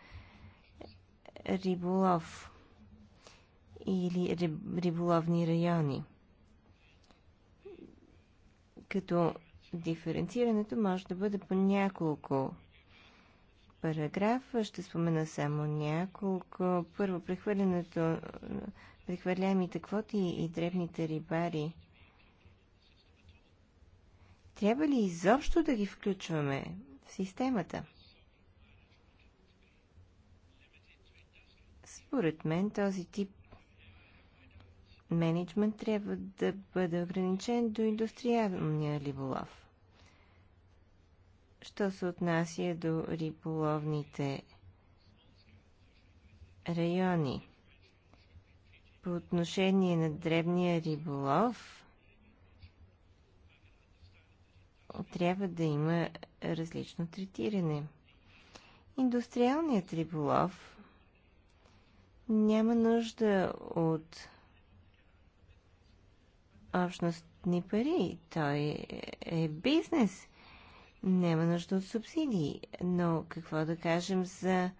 риболов или риболовни райони. Като диференцирането може да бъде по няколко параграфа. Ще спомена само няколко. Първо, прехвърлянето, прехвърляемите квоти и древните рибари – трябва ли изобщо да ги включваме в системата? Според мен този тип менеджмент трябва да бъде ограничен до индустриалния риболов. Що се отнася до риболовните райони? По отношение на дребния риболов, трябва да има различно третиране. Индустриалният риболов няма нужда от общностни пари. Той е бизнес. Няма нужда от субсидии. Но какво да кажем за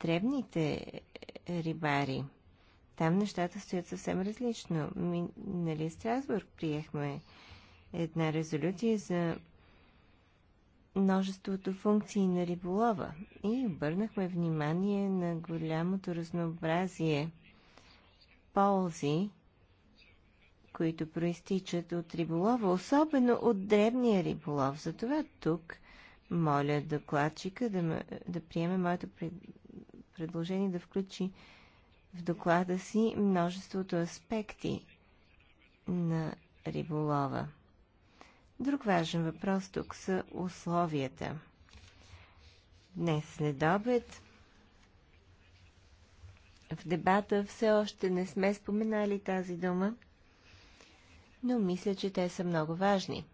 дребните рибари? Там нещата стоят съвсем различно. Ми, нали, Страсбург приехме една резолюция за множеството функции на риболова и обърнахме внимание на голямото разнообразие ползи, които проистичат от риболова, особено от дребния риболов. Затова тук моля докладчика да, ме, да приеме моето предложение да включи в доклада си множеството аспекти на риболова. Друг важен въпрос тук са условията. Днес след обед в дебата все още не сме споменали тази дума, но мисля, че те са много важни.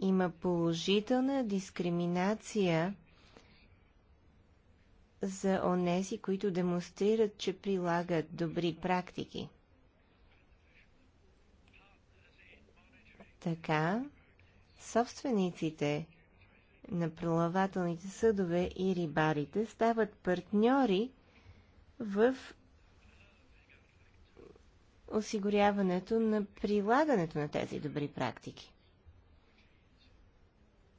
Има положителна дискриминация за онези, които демонстрират, че прилагат добри практики. Така, собствениците на плавателните съдове и рибарите стават партньори в осигуряването на прилагането на тези добри практики.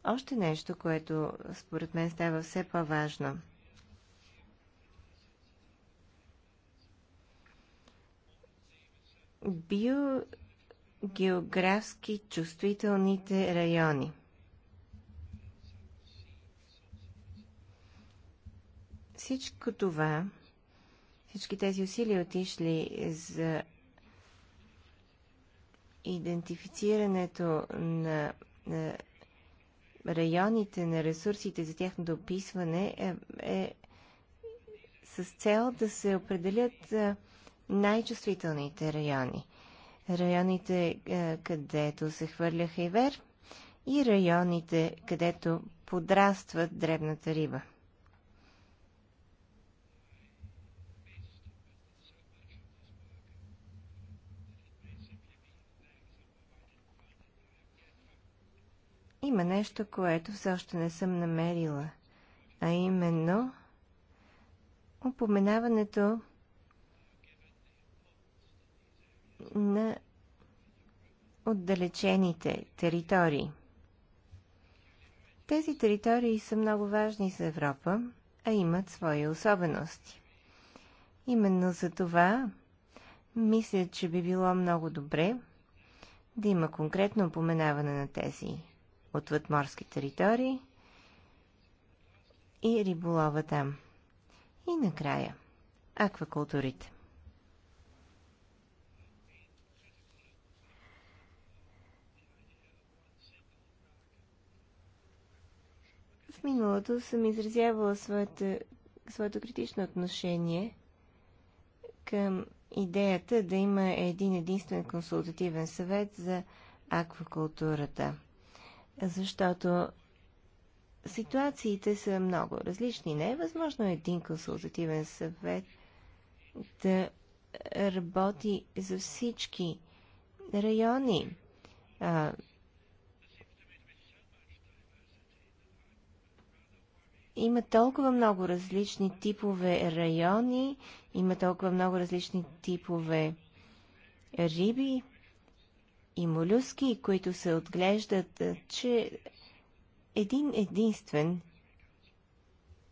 Още нещо, което според мен става все по-важно. Био географски чувствителните райони. Всичко това, всички тези усилия отишли за идентифицирането на, на районите, на ресурсите за тяхното описване е, е с цел да се определят е, най-чувствителните райони районите, е, където се хвърля хайвер и районите, където подрастват дребната риба. Има нещо, което все още не съм намерила, а именно упоменаването на отдалечените територии. Тези територии са много важни за Европа, а имат свои особености. Именно за това мисля, че би било много добре да има конкретно упоменаване на тези отвъдморски територии и риболова там. И накрая, аквакултурите. миналото съм изразявала своята, своето критично отношение към идеята да има един единствен консултативен съвет за аквакултурата. Защото ситуациите са много различни. Не е възможно един консултативен съвет да работи за всички райони. Има толкова много различни типове райони, има толкова много различни типове риби и молюски, които се отглеждат, че един единствен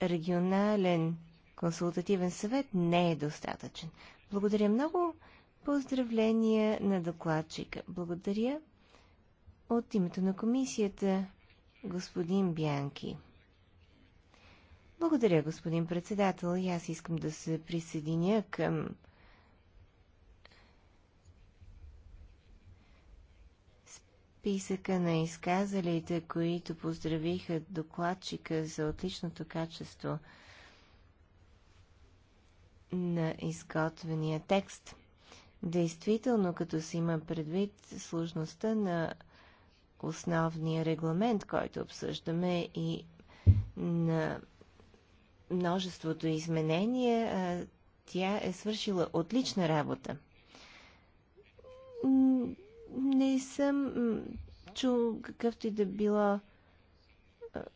регионален консултативен съвет не е достатъчен. Благодаря много. Поздравления на докладчика. Благодаря от името на комисията господин Бянки. Благодаря, господин председател. И аз искам да се присъединя към списъка на изказалите, които поздравиха докладчика за отличното качество на изготвения текст. Действително, като се има предвид сложността на основния регламент, който обсъждаме и на множеството изменения, тя е свършила отлична работа. Не съм чул какъвто и да било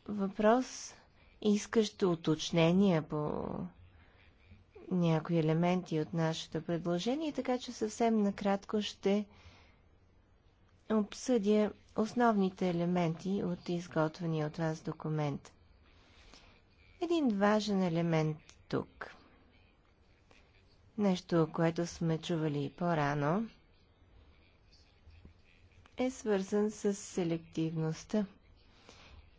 въпрос, искащо уточнения по някои елементи от нашето предложение, така че съвсем накратко ще обсъдя основните елементи от изготвения от вас документ един важен елемент тук. Нещо, което сме чували по-рано, е свързан с селективността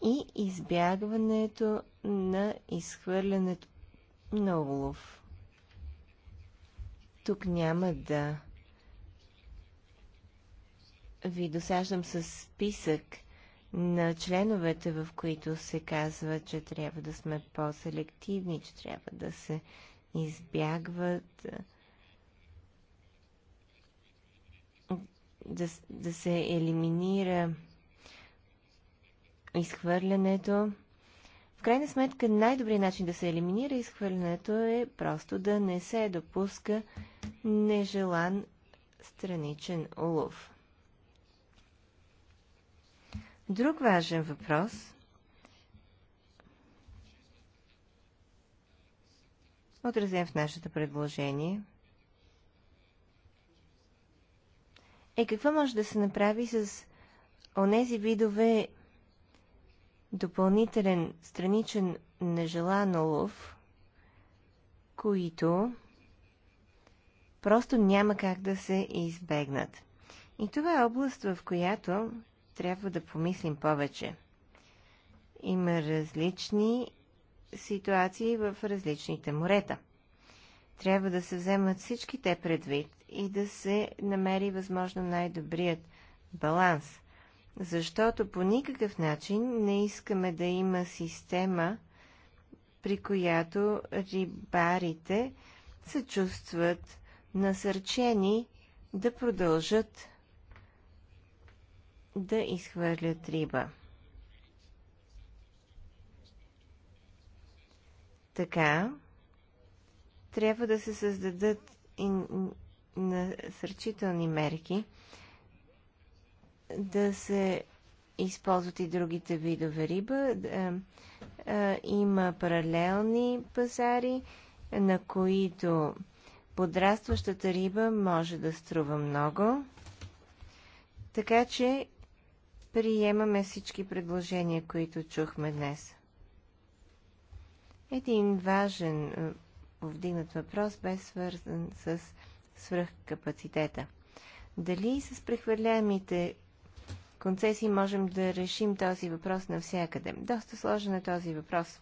и избягването на изхвърлянето на улов. Тук няма да ви досаждам с списък на членовете, в които се казва, че трябва да сме по-селективни, че трябва да се избягват да, да се елиминира изхвърлянето. В крайна сметка най-добрият начин да се елиминира изхвърлянето е просто да не се допуска нежелан страничен улов. Друг важен въпрос отразен в нашето предложение е какво може да се направи с онези видове допълнителен страничен нежелан улов, които просто няма как да се избегнат. И това е област, в която трябва да помислим повече. Има различни ситуации в различните морета. Трябва да се вземат всички те предвид и да се намери възможно най-добрият баланс. Защото по никакъв начин не искаме да има система, при която рибарите се чувстват насърчени да продължат да изхвърлят риба. Така, трябва да се създадат и насърчителни мерки, да се използват и другите видове риба. Има паралелни пазари, на които подрастващата риба може да струва много. Така че приемаме всички предложения, които чухме днес. Един важен е, повдигнат въпрос бе свързан с свръхкапацитета. Дали с прехвърляемите концесии можем да решим този въпрос навсякъде? Доста сложен е този въпрос.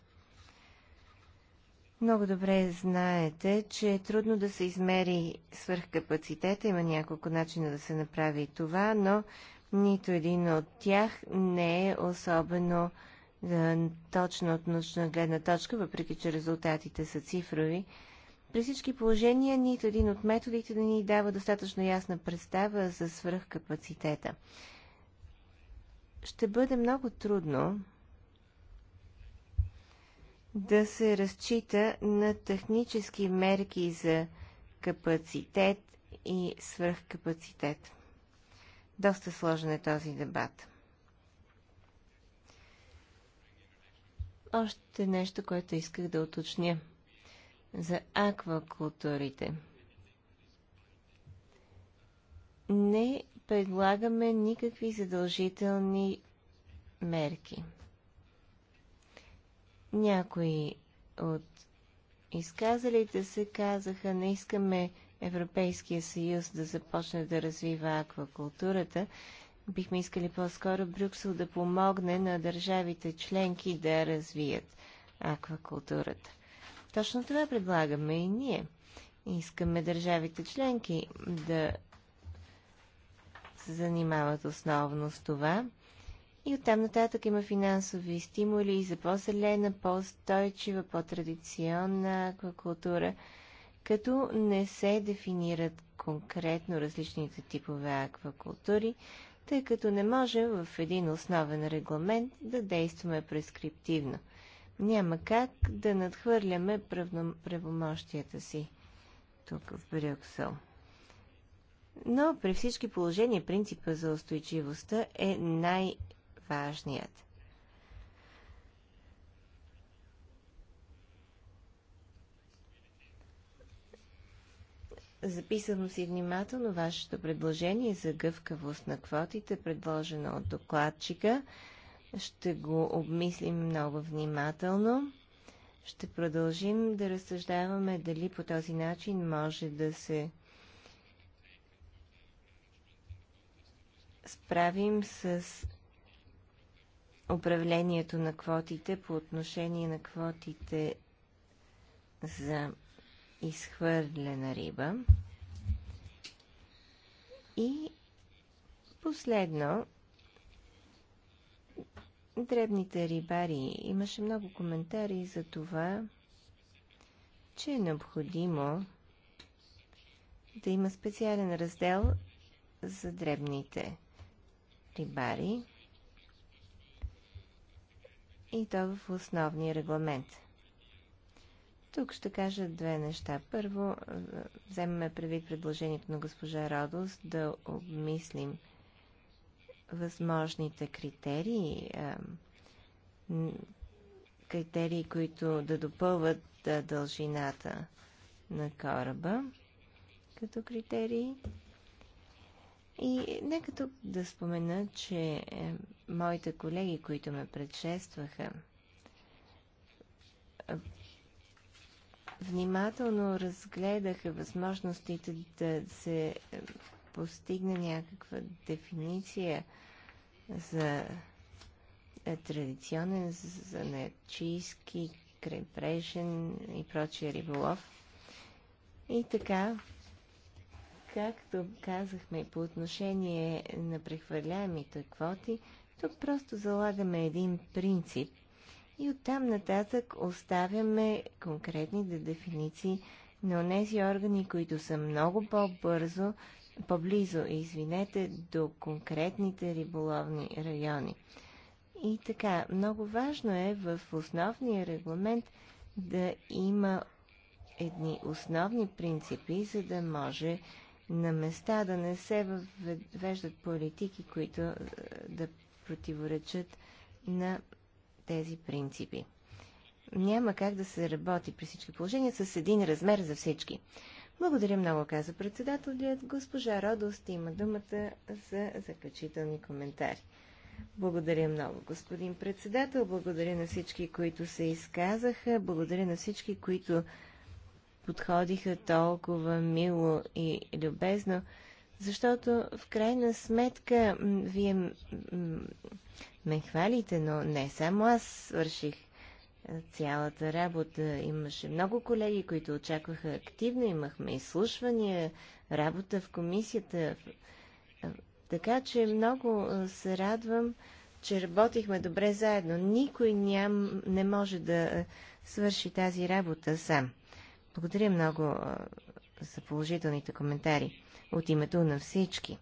Много добре знаете, че е трудно да се измери свръхкапацитета. Има няколко начина да се направи това, но нито един от тях не е особено е, точно от научна гледна точка, въпреки че резултатите са цифрови. При всички положения нито един от методите да ни дава достатъчно ясна представа за свръхкапацитета. Ще бъде много трудно да се разчита на технически мерки за капацитет и свръхкапацитет. Доста сложен е този дебат. Още нещо, което исках да уточня за аквакултурите. Не предлагаме никакви задължителни мерки. Някои от изказалите се казаха, не искаме Европейския съюз да започне да развива аквакултурата, бихме искали по-скоро Брюксел да помогне на държавите членки да развият аквакултурата. Точно това предлагаме и ние. Искаме държавите членки да се занимават основно с това. И оттам нататък има финансови стимули и за по-зелена, по-устойчива, по-традиционна аквакултура – като не се дефинират конкретно различните типове аквакултури, тъй като не може в един основен регламент да действаме прескриптивно. Няма как да надхвърляме правомощията си тук в Брюксел. Но при всички положения принципа за устойчивостта е най-важният. Записано си внимателно вашето предложение за гъвкавост на квотите, предложено от докладчика. Ще го обмислим много внимателно. Ще продължим да разсъждаваме дали по този начин може да се справим с управлението на квотите по отношение на квотите за изхвърлена риба. И последно, дребните рибари. Имаше много коментари за това, че е необходимо да има специален раздел за дребните рибари и то в основния регламент. Тук ще кажа две неща. Първо, е, вземаме предвид предложението на госпожа Родос да обмислим възможните критерии, е, критерии, които да допълват е, дължината на кораба като критерии. И нека тук да спомена, че моите колеги, които ме предшестваха, внимателно разгледаха възможностите да се е, постигне някаква дефиниция за е, традиционен, за нечийски, крайбрежен и прочия риболов. И така, както казахме по отношение на прехвърляемите квоти, тук просто залагаме един принцип, и оттам нататък оставяме конкретните дефиниции на тези органи, които са много по-бързо, по-близо, извинете, до конкретните риболовни райони. И така, много важно е в основния регламент да има едни основни принципи, за да може на места да не се въвеждат политики, които е, да противоречат на тези принципи. Няма как да се работи при всички положения с един размер за всички. Благодаря много, каза председателят. Госпожа Родост има думата за заключителни коментари. Благодаря много, господин председател. Благодаря на всички, които се изказаха. Благодаря на всички, които подходиха толкова мило и любезно, защото в крайна сметка вие ме хвалите, но не само аз свърших цялата работа. Имаше много колеги, които очакваха активно. Имахме изслушвания, работа в комисията. Така че много се радвам, че работихме добре заедно. Никой ням, не може да свърши тази работа сам. Благодаря много за положителните коментари от името на всички.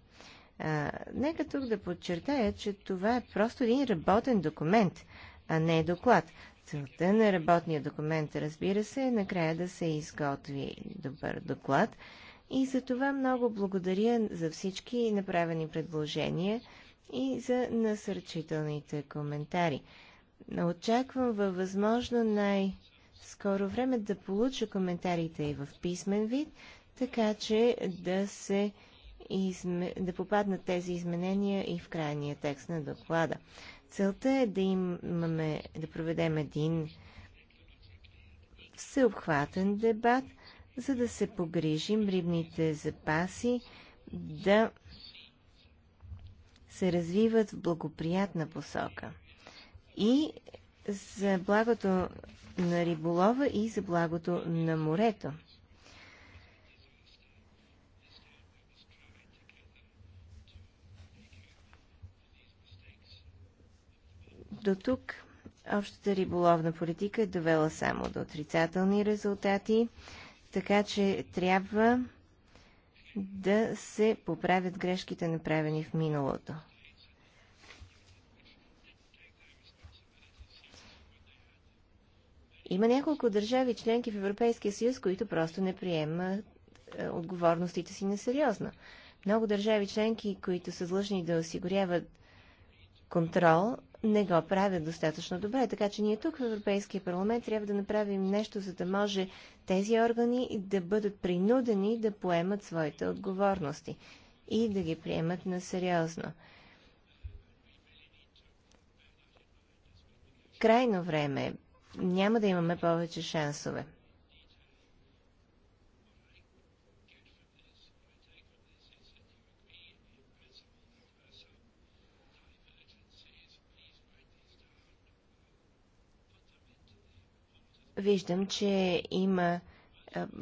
А, нека тук да подчертая, че това е просто един работен документ, а не доклад. Целта на работния документ, разбира се, е накрая да се изготви добър доклад. И за това много благодаря за всички направени предложения и за насърчителните коментари. Очаквам във възможно най-скоро време да получа коментарите и в писмен вид, така че да се изме... да попаднат тези изменения и в крайния текст на доклада. Целта е да имаме, да проведем един всеобхватен дебат, за да се погрижим рибните запаси да се развиват в благоприятна посока. И за благото на риболова и за благото на морето. До тук общата риболовна политика е довела само до отрицателни резултати, така че трябва да се поправят грешките, направени в миналото. Има няколко държави членки в Европейския съюз, които просто не приемат е, отговорностите си несериозно. Много държави членки, които са длъжни да осигуряват контрол, не го правят достатъчно добре. Така че ние тук в Европейския парламент трябва да направим нещо, за да може тези органи да бъдат принудени да поемат своите отговорности и да ги приемат на сериозно. Крайно време няма да имаме повече шансове. виждам, че има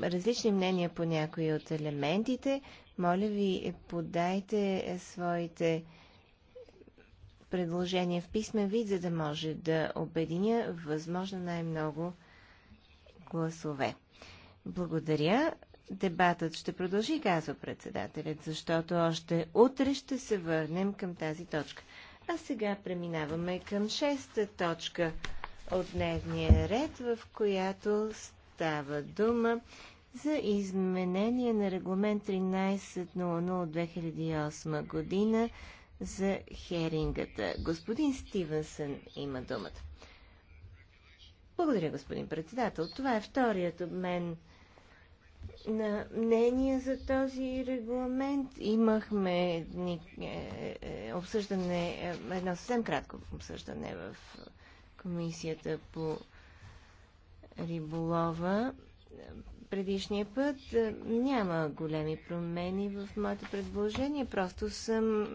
различни мнения по някои от елементите. Моля ви, подайте своите предложения в писмен вид, за да може да обединя възможно най-много гласове. Благодаря. Дебатът ще продължи, казва председателят, защото още утре ще се върнем към тази точка. А сега преминаваме към шеста точка от дневния ред, в която става дума за изменение на регламент 1300-2008 година за херингата. Господин Стивенсън има думата. Благодаря, господин председател. Това е вторият обмен на мнение за този регламент. Имахме едни, е, е, е обсъждане, е, едно съвсем кратко обсъждане в Комисията по риболова. Предишния път е, няма големи промени в моето предложение, просто съм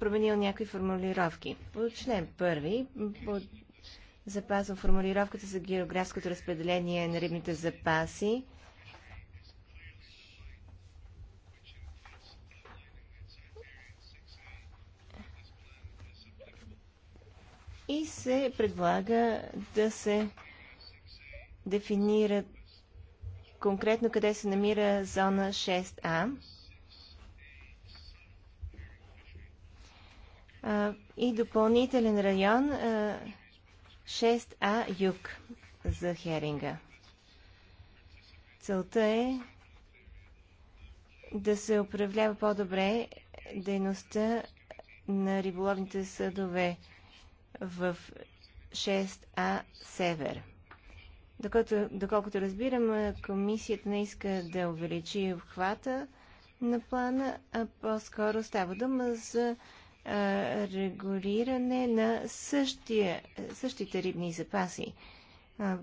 променил някои формулировки. По член първи под... запазвам формулировката за географското разпределение на рибните запаси и се предлага да се дефинира конкретно къде се намира зона 6А. и допълнителен район 6А юг за Херинга. Целта е да се управлява по-добре дейността на риболовните съдове в 6А Север. Доколкото, доколкото разбирам, комисията не иска да увеличи обхвата на плана, а по-скоро става дума за а, регулиране на същия, същите рибни запаси. А,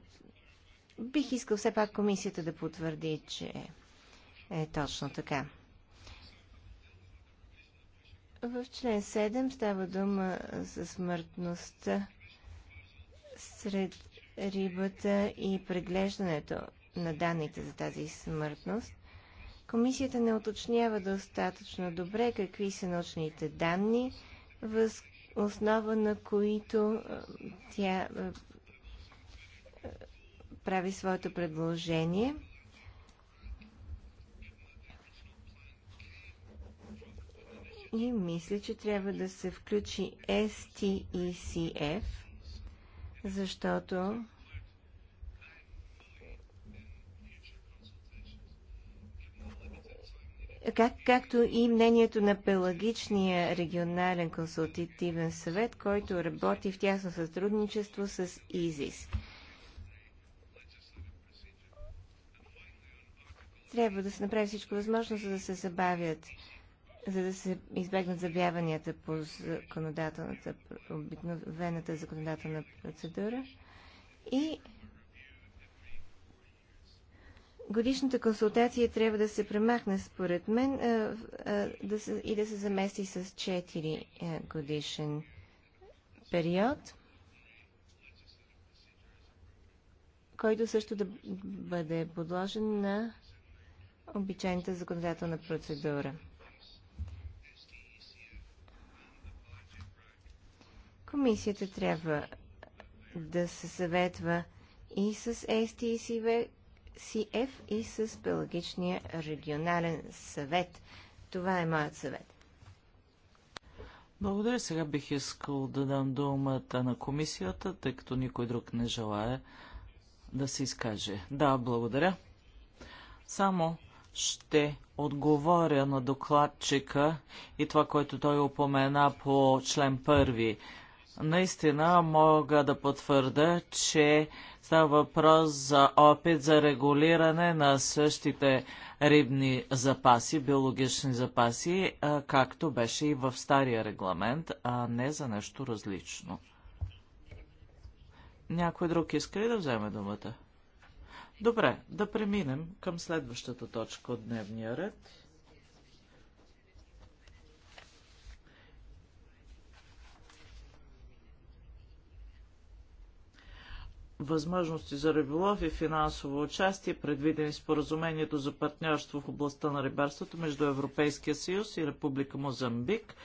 бих искал все пак комисията да потвърди, че е точно така. В член 7 става дума за смъртността сред рибата и преглеждането на данните за тази смъртност. Комисията не уточнява достатъчно добре какви са научните данни, въз основа на които тя прави своето предложение – и мисля, че трябва да се включи STECF, защото как, както и мнението на Пелагичния регионален консултативен съвет, който работи в тясно сътрудничество с ИЗИС. Трябва да се направи всичко възможно, за да се забавят за да се избегнат забяванията по законодателната, обикновената законодателна процедура и годишната консултация трябва да се премахне, според мен, да се, и да се замести с 4 е, годишен период, който също да бъде подложен на обичайната законодателна процедура. комисията трябва да се съветва и с STCF е и с Пелагичния регионален съвет. Това е моят съвет. Благодаря. Сега бих искал да дам думата на комисията, тъй като никой друг не желая да се изкаже. Да, благодаря. Само ще отговоря на докладчика и това, което той упомена по член първи. Наистина мога да потвърда, че става въпрос за опит за регулиране на същите рибни запаси, биологични запаси, както беше и в стария регламент, а не за нещо различно. Някой друг иска ли да вземе думата? Добре, да преминем към следващата точка от дневния ред. възможности за риболов и финансово участие, предвидени споразумението за партньорство в областта на рибарството между Европейския съюз и Република Мозамбик.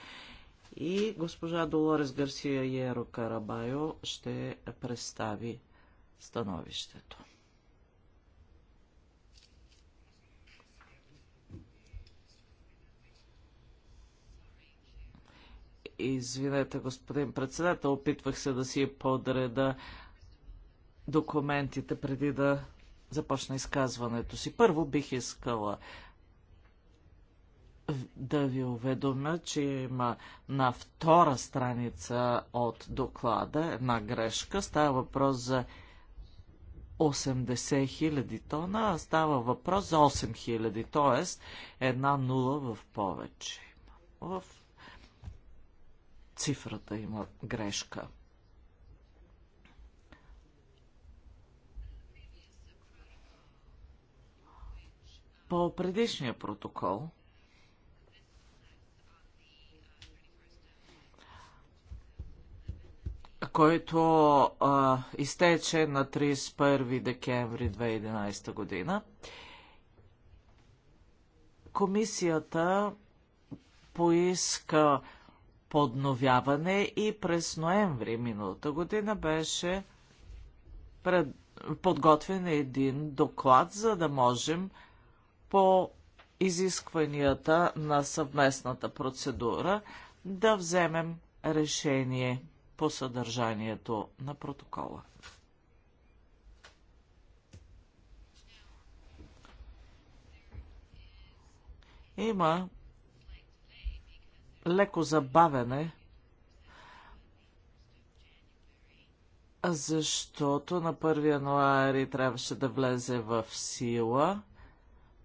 И госпожа Долорес Гарсия Еро Карабайо ще представи становището. Извинете, господин председател, опитвах се да си подреда документите преди да започна изказването си. Първо бих искала да ви уведомя, че има на втора страница от доклада една грешка. Става въпрос за 80 000 тона, а става въпрос за 8 000, т.е. една нула в повече. В цифрата има грешка. по предишния протокол. който а, изтече на 31 декември 2011 година. Комисията поиска подновяване и през ноември миналата година беше пред, подготвен един доклад, за да можем по изискванията на съвместната процедура да вземем решение по съдържанието на протокола. Има леко забавене, защото на 1 януари трябваше да влезе в сила –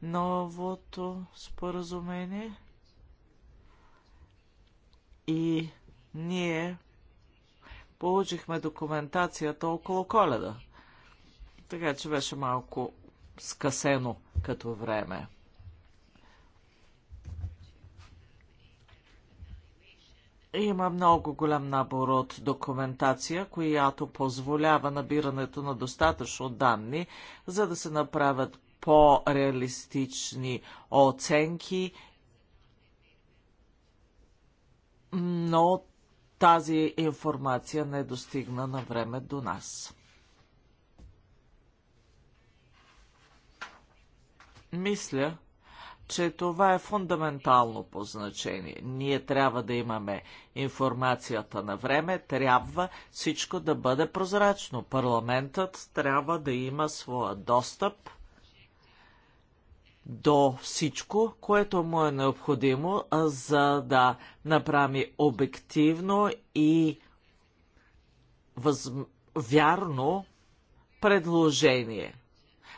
новото споразумение и ние получихме документацията около коледа. Така че беше малко скъсено като време. Има много голям набор от документация, която позволява набирането на достатъчно данни, за да се направят по-реалистични оценки, но тази информация не е достигна на време до нас. Мисля, че това е фундаментално по значение. Ние трябва да имаме информацията на време, трябва всичко да бъде прозрачно. Парламентът трябва да има своя достъп до всичко, което му е необходимо, за да направи обективно и въз... вярно предложение.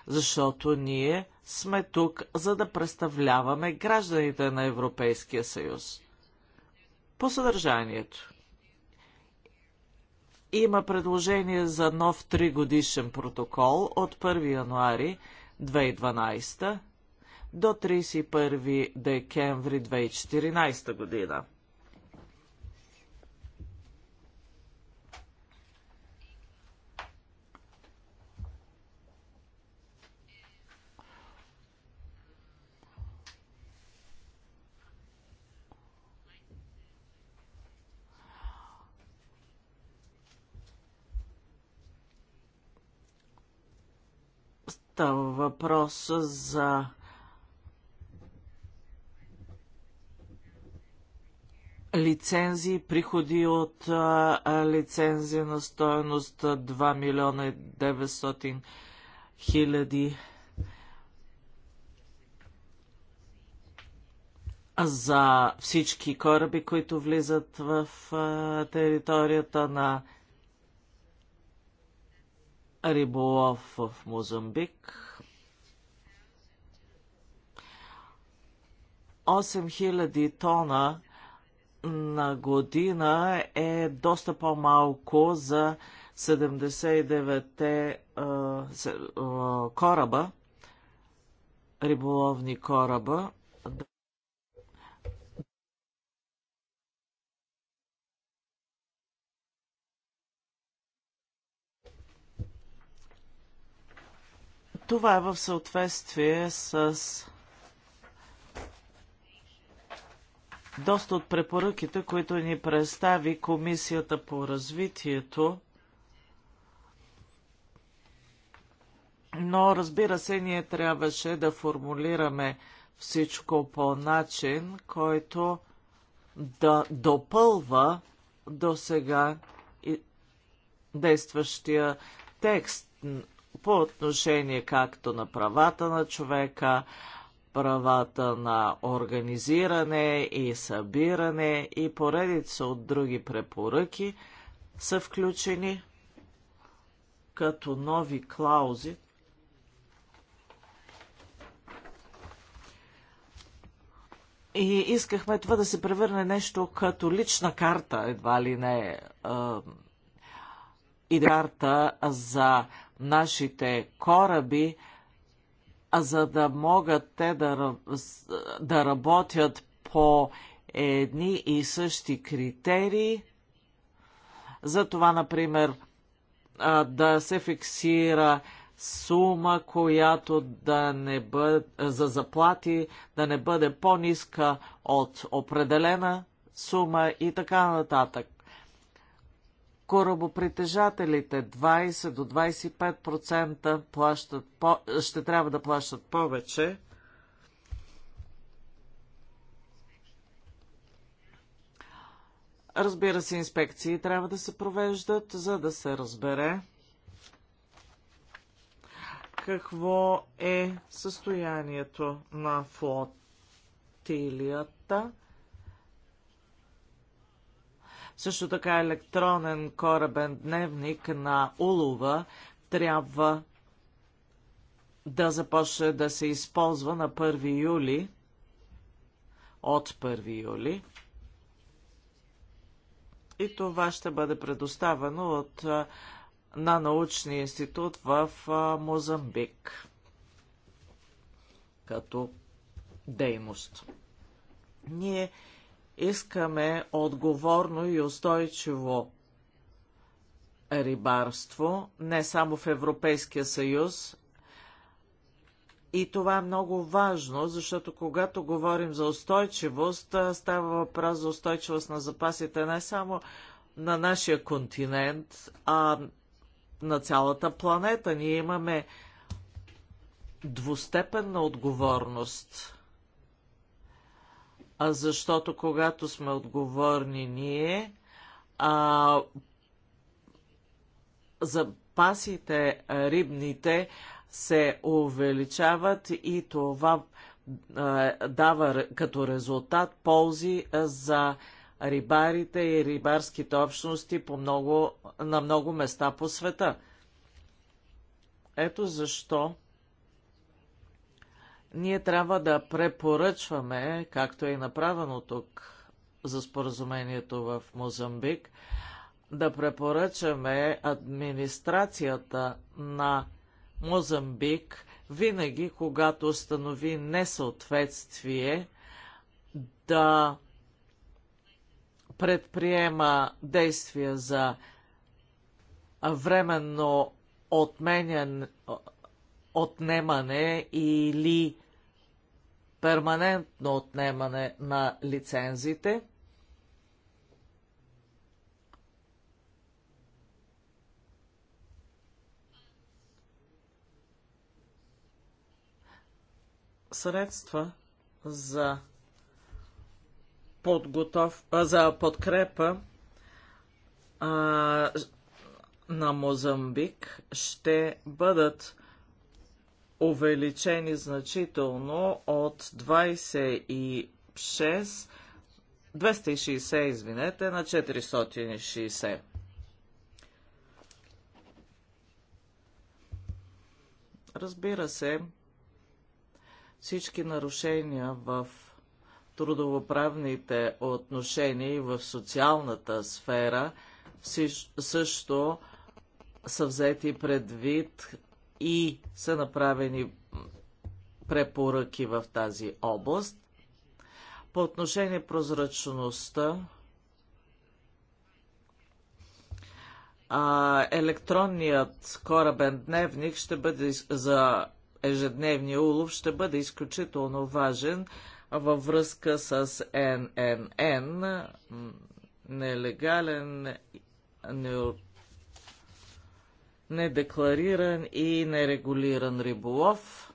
Защото ние сме тук, за да представляваме гражданите на Европейския съюз. По съдържанието. Има предложение за нов тригодишен протокол от 1 януари 2012 до 31 декември 2014 година. става въпрос за лицензии, приходи от лицензия на стоеност 2 милиона 900 хиляди за всички кораби, които влизат в територията на риболов в Мозамбик. 8000 тона на година е доста по-малко за 79-те кораба, риболовни кораба. Това е в съответствие с Доста от препоръките, които ни представи Комисията по развитието, но разбира се, ние трябваше да формулираме всичко по начин, който да допълва до сега действащия текст по отношение както на правата на човека, правата на организиране и събиране и поредица от други препоръки са включени като нови клаузи. И искахме това да се превърне нещо като лична карта, едва ли не, и карта за нашите кораби, за да могат те да, да работят по едни и същи критерии. За това, например, да се фиксира сума, която да не бъде, за заплати да не бъде по-ниска от определена сума и така нататък корабопритежателите 20 до 25% плащат по, ще трябва да плащат повече. Разбира се, инспекции трябва да се провеждат, за да се разбере какво е състоянието на флотилията също така електронен корабен дневник на улова трябва да започне да се използва на 1 юли, от 1 юли. И това ще бъде предоставено от, на научния институт в Мозамбик като дейност. Ние Искаме отговорно и устойчиво рибарство, не само в Европейския съюз. И това е много важно, защото когато говорим за устойчивост, става въпрос за устойчивост на запасите не само на нашия континент, а на цялата планета. Ние имаме двустепенна отговорност защото когато сме отговорни ние, а, запасите рибните се увеличават и това а, дава като резултат ползи за рибарите и рибарските общности по много, на много места по света. Ето защо ние трябва да препоръчваме, както е направено тук за споразумението в Мозамбик, да препоръчаме администрацията на Мозамбик винаги, когато установи несъответствие, да предприема действия за временно отменяне, отнемане или перманентно отнемане на лицензите. Средства за, подготов, за подкрепа а, на Мозамбик ще бъдат увеличени значително от 26, 260, извинете, на 460. Разбира се, всички нарушения в трудовоправните отношения и в социалната сфера също са взети предвид и са направени препоръки в тази област. По отношение прозрачността, електронният корабен дневник ще бъде за ежедневния улов ще бъде изключително важен във връзка с ННН, нелегален, неот недеклариран и нерегулиран риболов.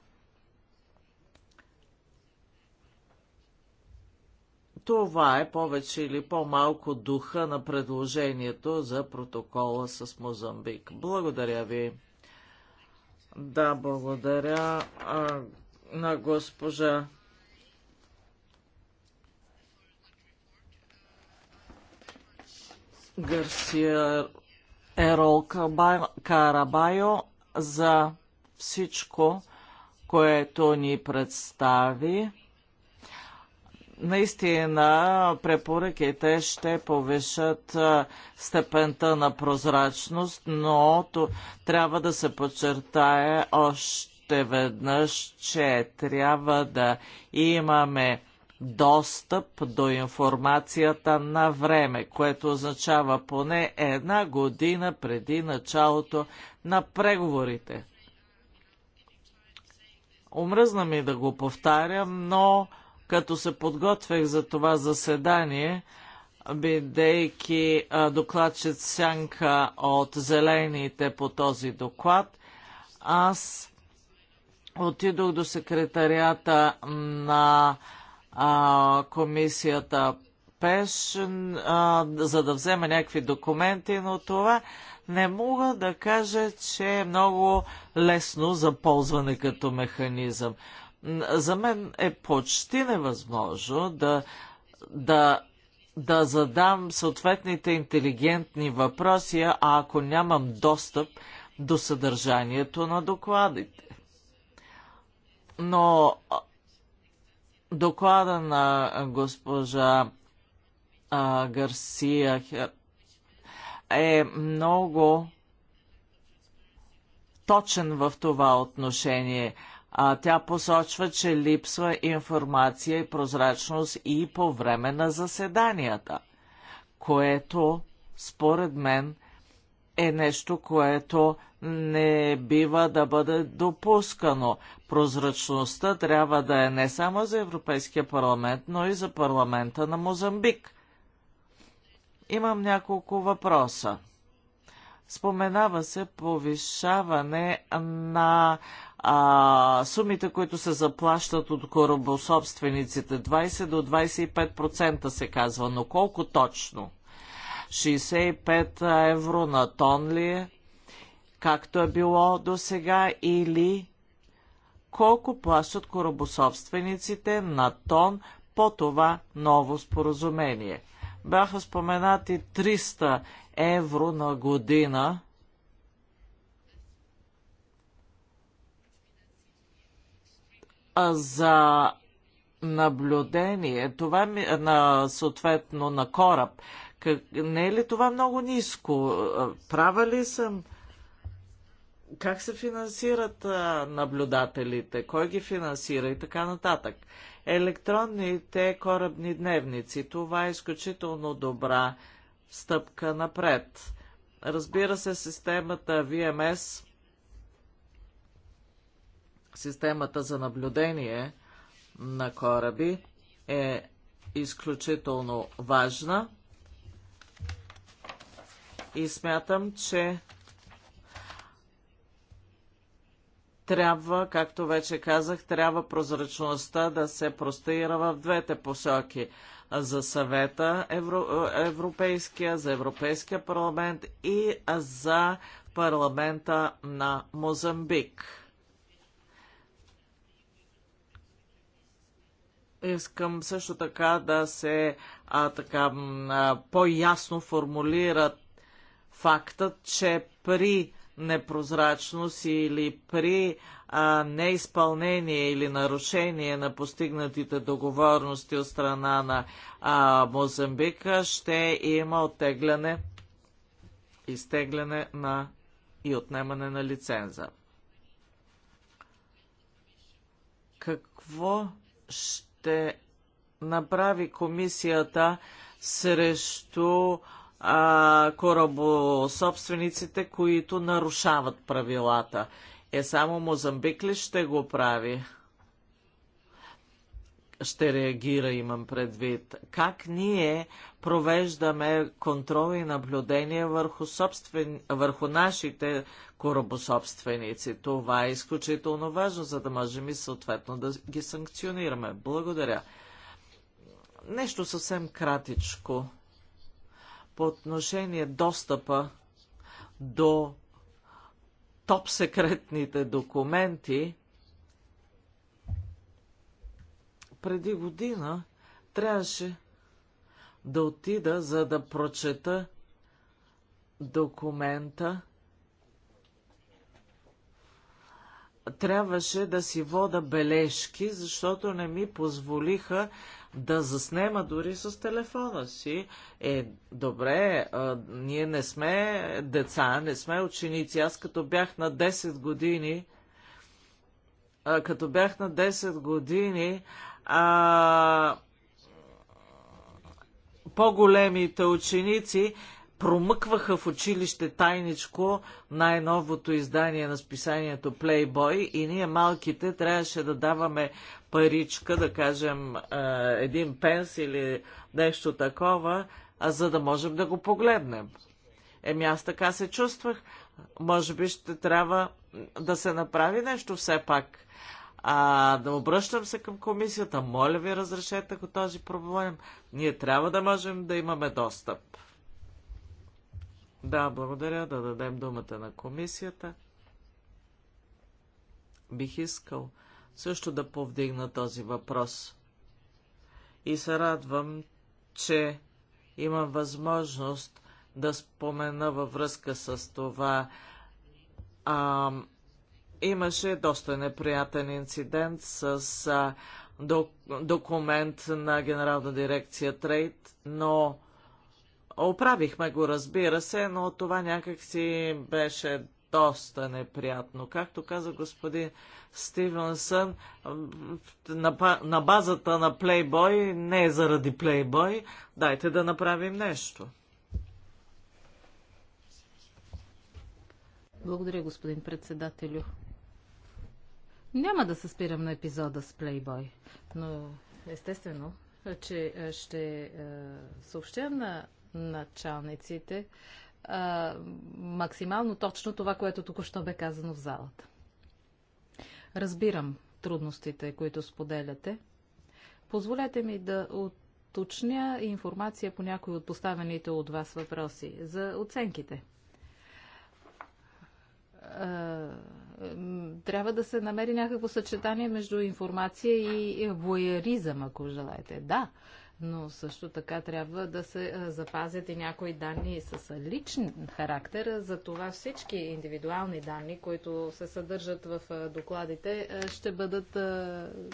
Това е повече или по-малко духа на предложението за протокола с Мозамбик. Благодаря ви. Да, благодаря а, на госпожа Гарсия Ерол Карабайо за всичко, което ни представи. Наистина, препоръките ще повишат степента на прозрачност, но трябва да се подчертае още веднъж, че трябва да имаме достъп до информацията на време, което означава поне една година преди началото на преговорите. Омръзна ми да го повтарям, но като се подготвях за това заседание, бидейки докладчет сянка от зелените по този доклад, аз отидох до секретарията на а, комисията Пешен, а, за да вземе някакви документи, но това не мога да кажа, че е много лесно за ползване като механизъм. За мен е почти невъзможно да, да, да задам съответните интелигентни въпроси, а ако нямам достъп до съдържанието на докладите. Но доклада на госпожа а, Гарсия е много точен в това отношение. А, тя посочва, че липсва информация и прозрачност и по време на заседанията, което според мен е нещо, което не бива да бъде допускано. Прозрачността трябва да е не само за Европейския парламент, но и за парламента на Мозамбик. Имам няколко въпроса. Споменава се повишаване на а, сумите, които се заплащат от корабособствениците. 20 до 25% се казва, но колко точно? 65 евро на тон ли е, както е било до сега, или колко плащат корабособствениците на тон по това ново споразумение. Бяха споменати 300 евро на година. за наблюдение, това на, съответно на кораб, как, не е ли това много ниско? Права ли съм? Как се финансират а, наблюдателите? Кой ги финансира и така нататък? Електронните корабни дневници. Това е изключително добра стъпка напред. Разбира се, системата VMS, системата за наблюдение на кораби е изключително важна. И смятам, че трябва, както вече казах, трябва прозрачността да се простира в двете посоки. За съвета Евро, Европейския, за Европейския парламент и за парламента на Мозамбик. Искам също така да се а, така, по-ясно формулират фактът, че при непрозрачност или при а, неизпълнение или нарушение на постигнатите договорности от страна на а, Мозамбика ще има оттегляне, изтегляне на и отнемане на лиценза. Какво ще направи комисията срещу а, корабособствениците, които нарушават правилата. Е само Мозамбик ли ще го прави? Ще реагира, имам предвид. Как ние провеждаме контрол и наблюдение върху, собствен... върху нашите корабособственици? Това е изключително важно, за да можем и съответно да ги санкционираме. Благодаря. Нещо съвсем кратичко по отношение достъпа до топ секретните документи, преди година трябваше да отида, за да прочета документа. Трябваше да си вода бележки, защото не ми позволиха да заснема дори с телефона си. Е, добре, а, ние не сме деца, не сме ученици. Аз като бях на 10 години, а, като бях на 10 години, а, по-големите ученици промъкваха в училище тайничко най-новото издание на списанието Playboy и ние малките трябваше да даваме паричка, да кажем един пенс или нещо такова, за да можем да го погледнем. Еми аз така се чувствах. Може би ще трябва да се направи нещо все пак. А, да обръщам се към комисията. Моля ви, разрешете ако този проблем. Ние трябва да можем да имаме достъп. Да, благодаря. Да дадем думата на комисията. Бих искал също да повдигна този въпрос. И се радвам, че имам възможност да спомена във връзка с това. А, имаше доста неприятен инцидент с а, док, документ на Генерална дирекция Трейд, но оправихме го, разбира се, но това някакси беше доста неприятно. Както каза господин Стивенсън, на базата на Плейбой, не е заради Плейбой, дайте да направим нещо. Благодаря, господин председателю. Няма да се спирам на епизода с Плейбой, но естествено, че ще е, съобщя на началниците, а, максимално точно това, което току-що бе казано в залата. Разбирам трудностите, които споделяте. Позволете ми да уточня информация по някои от поставените от вас въпроси за оценките трябва да се намери някакво съчетание между информация и воеризъм, ако желаете. Да, но също така трябва да се запазят и някои данни с личен характер. За това всички индивидуални данни, които се съдържат в докладите, ще бъдат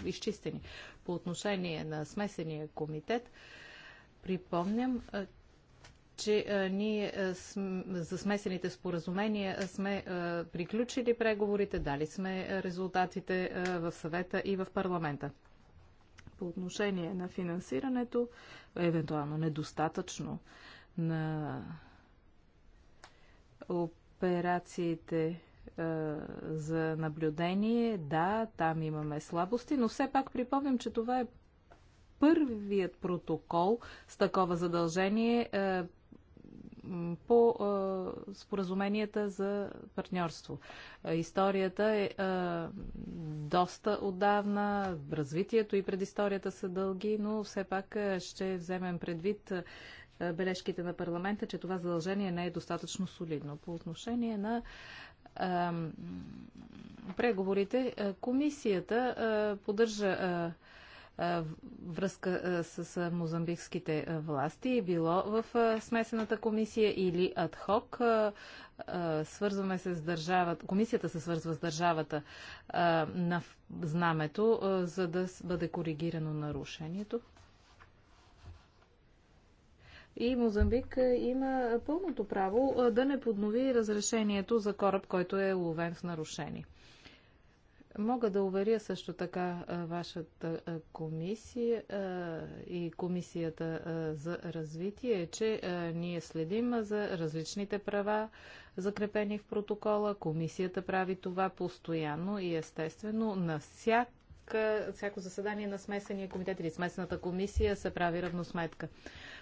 изчистени. По отношение на смесения комитет, припомням, че ние за смесените споразумения сме приключили преговорите, дали сме резултатите в съвета и в парламента по отношение на финансирането, евентуално недостатъчно на операциите е, за наблюдение. Да, там имаме слабости, но все пак припомням, че това е първият протокол с такова задължение а, е, по а, е, споразуменията за партньорство. Историята е, е доста отдавна. Развитието и предисторията са дълги, но все пак ще вземем предвид бележките на парламента, че това задължение не е достатъчно солидно. По отношение на преговорите, комисията поддържа връзка с мозамбикските власти, е било в смесената комисия или адхок. Свързваме се с държавата, комисията се свързва с държавата на знамето, за да бъде коригирано нарушението. И Мозамбик има пълното право да не поднови разрешението за кораб, който е ловен в нарушение. Мога да уверя също така вашата комисия и комисията за развитие, че ние следим за различните права, закрепени в протокола. Комисията прави това постоянно и естествено на всяко заседание на смесения комитет или смесената комисия се прави равносметка.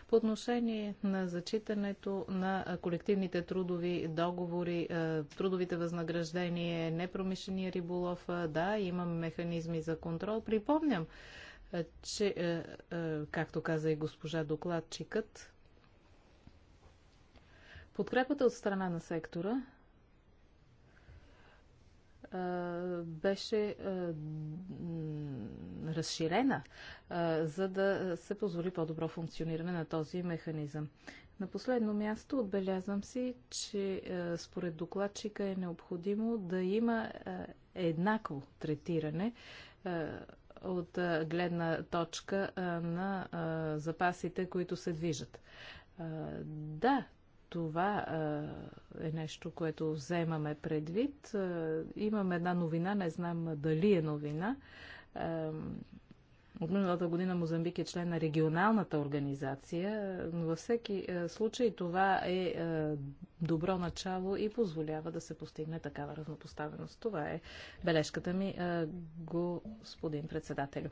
По отношение на зачитането на колективните трудови договори, трудовите възнаграждения, непромишления риболов, да, имам механизми за контрол. Припомням, че, както каза и госпожа докладчикът, подкрепата от страна на сектора беше разширена, за да се позволи по-добро функциониране на този механизъм. На последно място отбелязвам си, че според докладчика е необходимо да има еднакво третиране от гледна точка на запасите, които се движат. Да, това е нещо, което вземаме предвид. Имам една новина, не знам дали е новина. От миналата година Мозамбик е член на регионалната организация, но във всеки случай това е добро начало и позволява да се постигне такава разнопоставеност. Това е бележката ми, господин председател.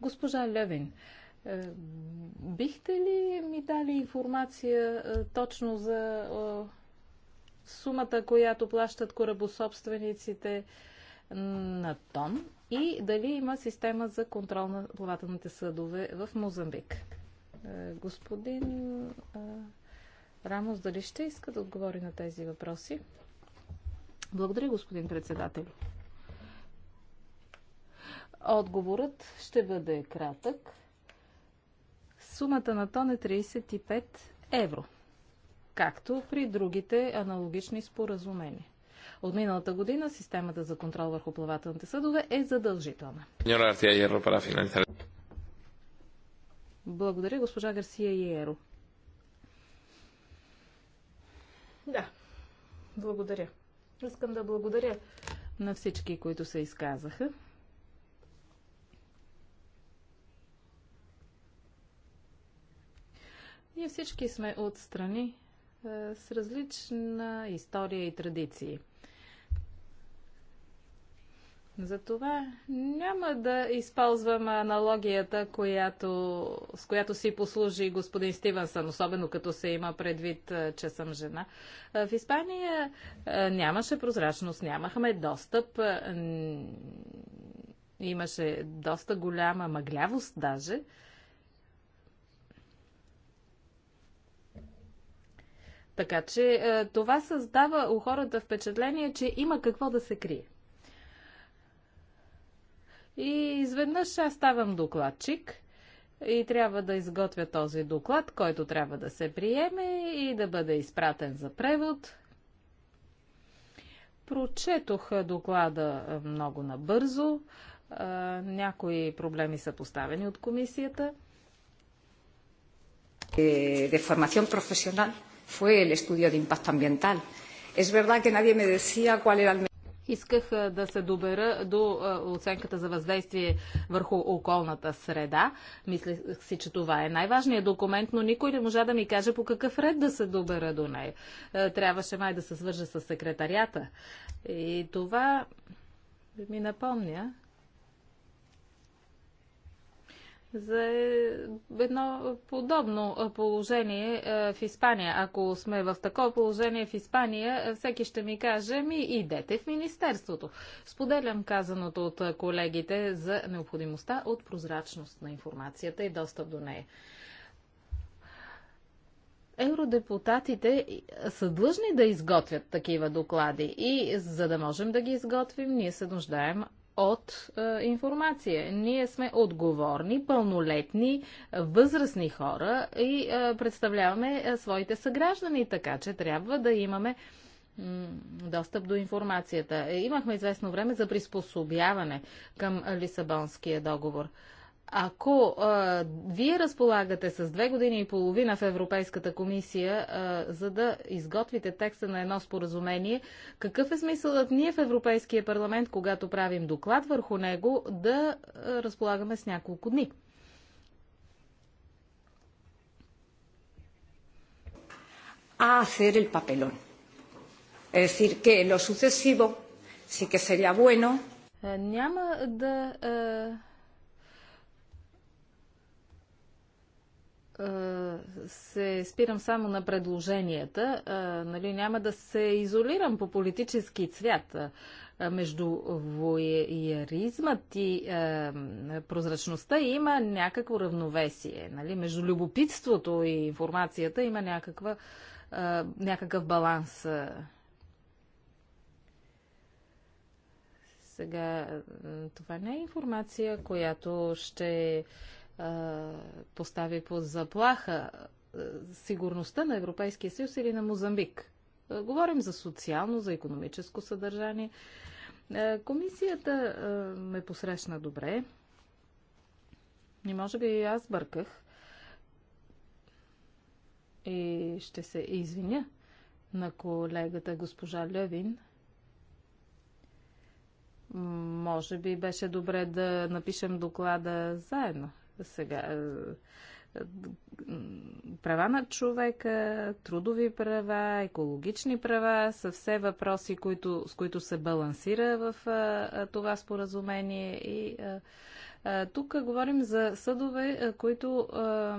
Госпожа Левин, бихте ли ми дали информация точно за сумата, която плащат корабособствениците на тон и дали има система за контрол на плавателните съдове в Мозамбик. Е, господин е, Рамос, дали ще иска да отговори на тези въпроси? Благодаря, господин председател. Отговорът ще бъде кратък. Сумата на тон е 35 евро, както при другите аналогични споразумения. От миналата година системата за контрол върху плавателните съдове е задължителна. Благодаря, госпожа Гарсия Иеро. Да, благодаря. Искам да благодаря на всички, които се изказаха. Ние всички сме отстрани е, с различна история и традиции – затова няма да използвам аналогията, която, с която си послужи господин Стивенсън, особено като се има предвид, че съм жена. В Испания нямаше прозрачност, нямахме достъп, имаше доста голяма мъглявост даже. Така че това създава у хората впечатление, че има какво да се крие. И изведнъж аз ставам докладчик и трябва да изготвя този доклад, който трябва да се приеме и да бъде изпратен за превод. Прочетох доклада много набързо. Някои проблеми са поставени от комисията. De formación profesional fue el estudio de impacto ambiental. Es verdad que nadie me decía cuál era el Исках да се добера до оценката за въздействие върху околната среда. Мислех си, че това е най-важният документ, но никой не можа да ми каже по какъв ред да се добера до нея. Трябваше май да се свържа с секретарията. И това ми напомня, за е, едно подобно положение е, в Испания. Ако сме в такова положение в Испания, е, всеки ще ми каже, ми идете в Министерството. Споделям казаното от колегите за необходимостта от прозрачност на информацията и достъп до нея евродепутатите са длъжни да изготвят такива доклади и за да можем да ги изготвим, ние се нуждаем от е, информация. Ние сме отговорни, пълнолетни, възрастни хора и е, представляваме е, своите съграждани, така че трябва да имаме достъп до информацията. Имахме известно време за приспособяване към Лисабонския договор. Ако а, вие разполагате с две години и половина в Европейската комисия, а, за да изготвите текста на едно споразумение, какъв е смисълът ние в Европейския парламент, когато правим доклад върху него, да а, разполагаме с няколко дни? a hacer el papelón. Es decir, que lo sucesivo sí que sería bueno. Е, няма да е, се спирам само на предложенията. Нали, няма да се изолирам по политически цвят между воеризмът и прозрачността има някакво равновесие. Нали? Между любопитството и информацията има някаква, някакъв баланс. Сега, това не е информация, която ще постави под заплаха сигурността на Европейския съюз или на Мозамбик. Говорим за социално, за економическо съдържание. Комисията ме посрещна добре. И може би и аз бърках. И ще се извиня на колегата госпожа Левин. Може би беше добре да напишем доклада заедно. Сега, е, права на човека, трудови права, екологични права са все въпроси, които, с които се балансира в а, е, е, това споразумение. И а, а, тук говорим за съдове, а, които. А,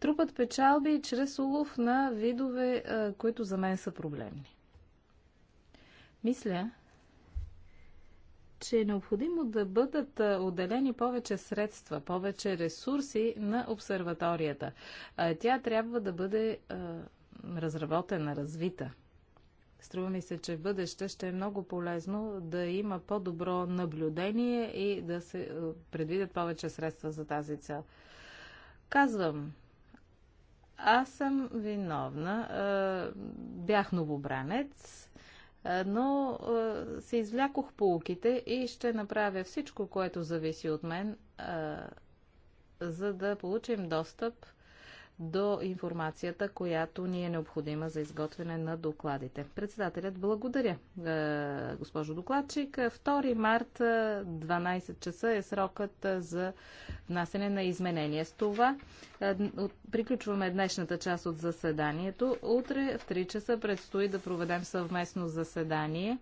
трупат печалби чрез улов на видове, а, които за мен са проблемни. Мисля, че е необходимо да бъдат отделени повече средства, повече ресурси на обсерваторията. Тя трябва да бъде разработена, развита. Струва ми се, че в бъдеще ще е много полезно да има по-добро наблюдение и да се предвидят повече средства за тази цел. Казвам, аз съм виновна. Бях новобранец но се извлякох полуките и ще направя всичко, което зависи от мен, за да получим достъп до информацията, която ни е необходима за изготвяне на докладите. Председателят, благодаря, е, госпожо докладчик. 2 март, 12 е, часа е срокът е, за внасене на изменения. С това приключваме днешната част от заседанието. Утре в 3 часа предстои да проведем съвместно заседание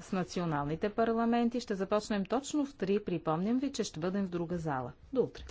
с националните парламенти. Ще започнем точно в 3. Припомням ви, че ще бъдем в друга зала. До утре!